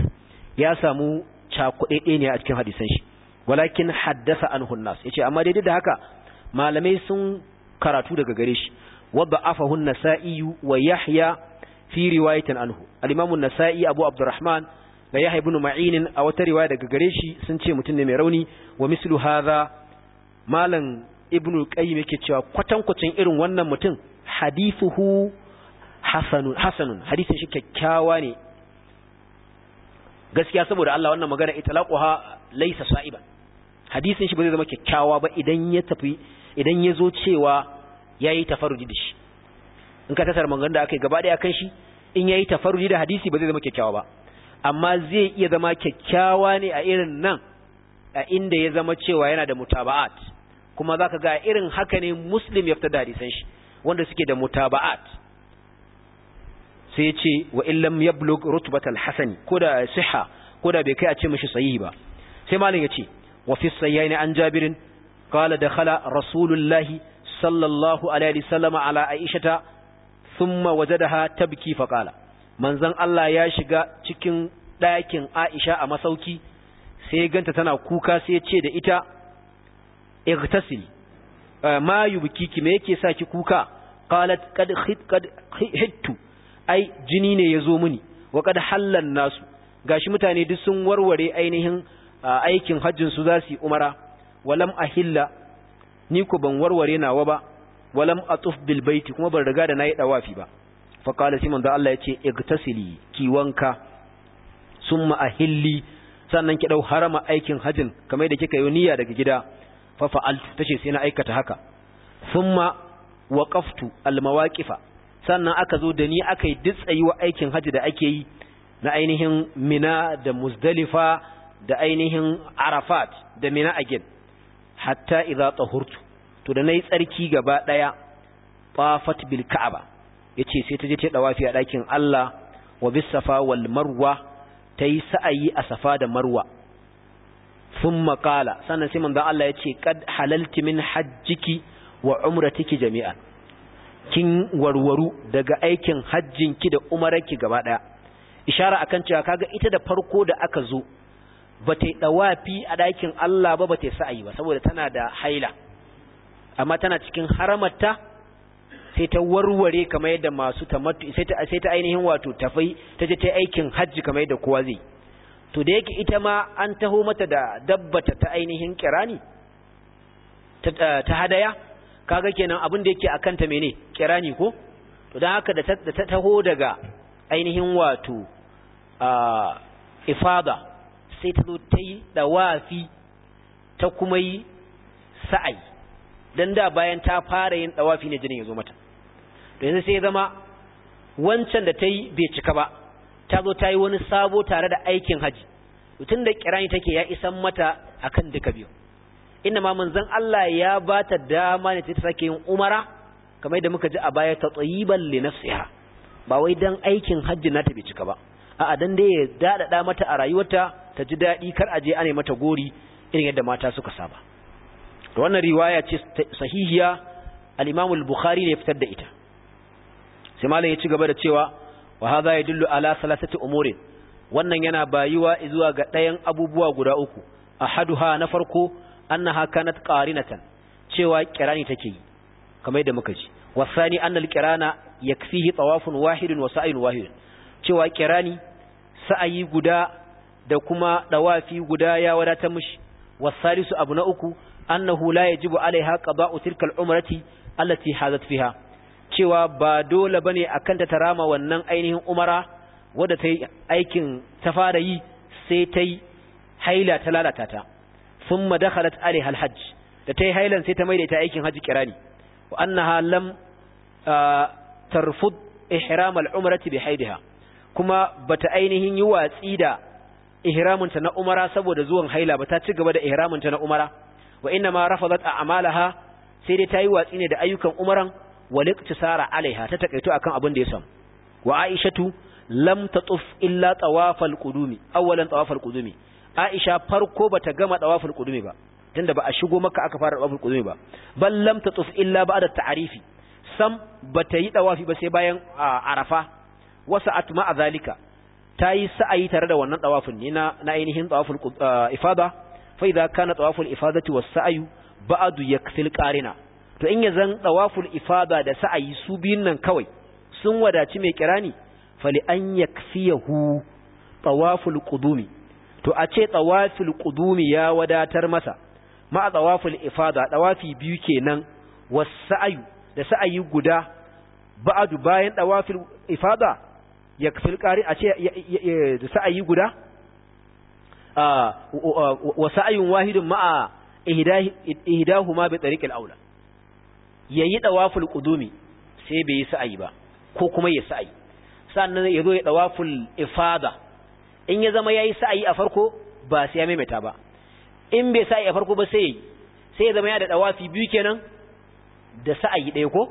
ya samu cakuɗeɗe ne a cikin hadisan shi walakin haddasa an hunnas yace amma daidai da haka malamai sun karatu daga gare shi wadda afahun nasa'i wa yahya fi riwayatin anhu al-imam an-nasa'i abu abdurrahman da yahya ibn ma'in a wata riwaya daga gare shi sun ce mutum ne mai rauni wa mislu hadha malam ibn qayyim yake cewa kwatankwacin irin wannan mutum hadithuhu hasanun hasanun hadisin shi kyakkyawa ne gaskiya saboda Allah wannan magana itlaquha laysa sa'iban hadisin shi ba zai zama kyakkyawa ba idan ya tafi idan ya zo cewa yayi tafarruji da shi in ka tasar maganganun da akai gaba daya kan shi in yayi tafarruji da hadisi ba zai zama kyakkyawa ba amma zai iya zama kyakkyawa ne a irin nan a inda ya zama cewa yana da mutaba'at kuma zaka ga irin haka ne muslim ya fitar da hadisan shi wanda suke da mutaba'at sai ce wa illam yablug rutbatal hasani ko da siha ko da bai kai a ce mishi sahihi ba sai malam ya ce wa fi sayyaini an jabirin da dakhala rasulullahi sallallahu alaihi wasallam ala aishata thumma wajadaha tabki fa qala manzon Allah ya shiga cikin ɗakin Aisha a masauki sai ganta tana kuka sai ya ce da ita irtasil ma yubkiki me yake saki kuka qalat qad hittu ai jini ne ya zo mini wa kada hallan nasu gashi mutane duk sun warware ainihin aikin hajjin su za su yi umara walam ahilla ni ko ban warware nawa ba walam a bil baiti kuma ban riga da nayi dawafi ba fa qala simon da Allah yace igtasili ki wanka summa ahilli sannan ki dau harama aikin hajjin kamar da kika yi niyya daga gida fa fa'alt tace sai na aikata haka thumma waqaftu al mawaqifa sannan aka zo da ni aka yi wa aikin hajji da ake yi na ainihin mina da muzdalifa da ainihin arafat da mina again hatta iza tahurtu to da nayi tsarki gaba ɗaya, tafat bil ka'aba yace sai ta je ta ɗawafi a ɗakin, Allah wa bis safa wal marwa tayi sa'ayi a safa da marwa Sun maƙala sannan sai manzan Allah yace kad halalti min hajjiki wa umratiki jami'an kin warwaru daga aikin hajjin ki da umarki gaba daya ishara akan cewa kaga ita da farko da aka zo ba ta dawafi a ɗakin Allah ba ba ta sa'ayi ba saboda tana da haila amma tana cikin haramarta sai ta warware kamar yadda masu tamattu sai ta sai ta ainihin wato tafai ta je ta aikin hajji kamar yadda kowa zai to da yake ita ma an taho mata da dabbata ta ainihin kirani ta hadaya kaga kenan abin da yake akan ta mene kirani ko to dan haka da ta taho daga ainihin wato a ifada sai ta zo ta yi dawafi ta kuma yi sa'ai dan da bayan ta fara yin dawafi ne jinin ya zo mata to yanzu sai ya zama wancan da ta yi bai cika ba ta zo ta yi wani sabo tare da aikin haji tun da kirani take ya isan mata akan duka biyu inna ma manzon Allah ya ba ta dama ne ta sake yin umara kamar yadda muka ji a baya ta tsayiban li nafsiha ba wai dan aikin hajji ta bai cika ba a'a dan da ya dadada mata a rayuwarta ta ji dadi kar aje ane mata gori irin yadda mata suka saba to wannan riwaya ce sahihiya al-Imam al-Bukhari ne ya fitar da ita sai malam ya ci gaba da cewa wa hadha yadullu ala thalathati umurin wannan yana bayuwa zuwa ga ɗayan abubuwa guda uku ahaduha na farko annaha kanat qarinatan cewa kirani take yi kamar yadda muka ji wasani annal kirana yakfihi tawafun wahidun wa sa'in wahidun cewa kirani sa'ayi guda da kuma dawafi guda ya wadatar mishi wasalisu abu na uku annahu la yajibu alaiha qada'u tilka al-umrati allati hazat fiha cewa ba dole bane akan ta tarama wannan ainihin umara wadda ta yi aikin ta fara yi sai ta yi haila ta lalata ta thumma dakhalat alaiha hajj da ta yi hailan sai ta maida ita aikin haji kirani wa annaha lam ah, tarfud ihram al'umrati bi haidiha kuma bata ainihin yi watsi da ihraminta na umara saboda zuwan haila ba ta ci gaba da ta na umara wa inna ma rafadat a'malaha sai dai ta yi watsi ne da ayyukan umaran wal iktisara alaiha ta takaito akan abin da ya samu wa aishatu lam tatuf illa tawafal qudumi awalan tawafal qudumi Aisha farko bata gama dawaful qudumi ba tunda ba a shigo maka aka fara dawaful qudumi ba ballam lam tatuf illa ba'da ta'arifi sam bata yi dawafi ba sai bayan Arafa wasa atma azalika ta yi sa'ayi tare da wannan dawafin ne na na ainihin dawaful ifada fa idza kana dawaful ifadati was sa'yu ba'du yakfil qarina to in yazan dawaful ifada da sa'ayi su biyun nan kawai sun wadaci mai kirani fali an yakfiyahu tawaful qudumi to a ce tsawafil ƙudumi ya wadatar masa ma tsawafil ifada tsawafi biyu kenan wasa'ayu da sa'ayi guda ba'adu bayan tsawafil ifada ya filƙari a ce da sa'ayi guda wa sa'ayun wahidun ma'a ma bai tariqil aula Ya yi tsawafil ƙudumi sai bai yi sa'ayi ba ko kuma ya sa'ayi sannan ya zo ya tsawafil ifada in ya zama yayi sa'ayi a farko ba sai ya maimaita ba in bai sa'ayi a farko ba sai ya zama ya da dawafi biyu kenan da sa'ayi ɗaya ko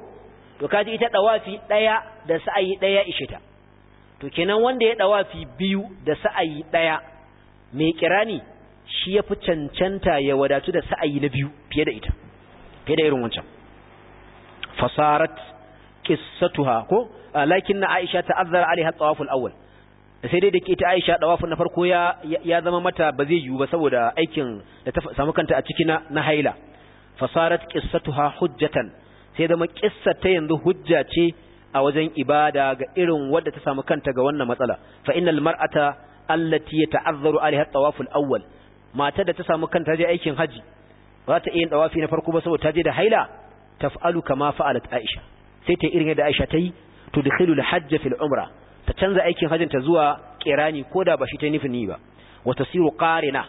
to kaji ita ɗawafi ɗaya da sa'ayi ɗaya ishe ta to kenan wanda ya ɗawafi biyu da sa'ayi ɗaya mai kirani shi ya fi cancanta ya wadatu da sa'ayi na biyu fiye da ita fiye da irin wancan fasarat Kisatuha ko lakin na Aisha ta'azzara alaiha tawaful awwal sai dai da ke ta aisha dawafin na farko ya ya zama mata ba zai yiwu ba saboda aikin da ta samu kanta a ciki na na haila fasarat qissatuha hujjatan sai zama kissa ta yanzu hujja ce a wajen ibada ga irin wadda ta samu kanta ga wannan matsala fa innal mar'ata allati yata'azzaru alaiha Ali tawaf al-awwal mata da ta samu kanta je aikin haji ba ta yin tawafi na farko ba saboda ta je da haila taf'alu kama fa'alat aisha sai ta irin yadda aisha ta yi tudkhilu al-hajj fi al ta canza aikin hajjin ta zuwa kirani koda ba shi ta nufi ni ba wa tasiru qarina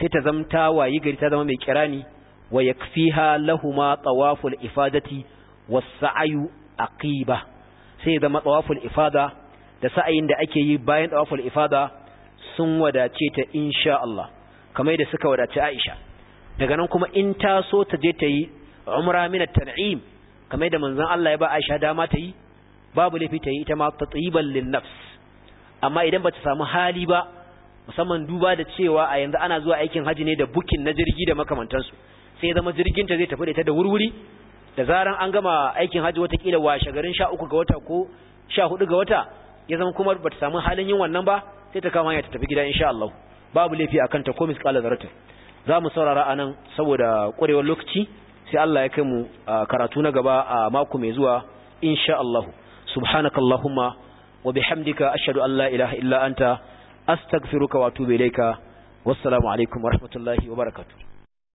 sai ta zamta wayi gari ta zama mai kirani wa yakfiha lahuma tawaful ifadati was-sa'yu aqiba sai zama tawaful ifada da sa'ayin da ake yi bayan tawaful ifada sun wadace ta insha Allah kamar da suka wadace Aisha daga nan kuma in ta so ta je ta yi umra min at-tan'im kamar da manzon Allah ya ba Aisha dama ta yi babu laifi ta yi ita ma tatiban lin nafs amma idan bata samu hali ba musamman duba da cewa a yanzu ana zuwa aikin haji ne da bukin na jirgi da makamantansu sai zama jirgin ta zai tafi da ita da wurwuri da zaran an gama aikin haji watakila washe garin sha uku ga wata ko sha hudu ga wata ya zama kuma bata samu halin yin wannan ba sai ta kama ya ta tafi gida insha Allah babu laifi akan ta ko kala zarata za mu saurara anan saboda kwarewar lokaci sai Allah ya kai mu karatu na gaba a mako mai zuwa insha Allah subhanakallahumma wa bihamdika ashhadu an la ilaha illa anta astaghfiruka wa atubu ilayka wassalamu alaikum warahmatullahi wabarakatuh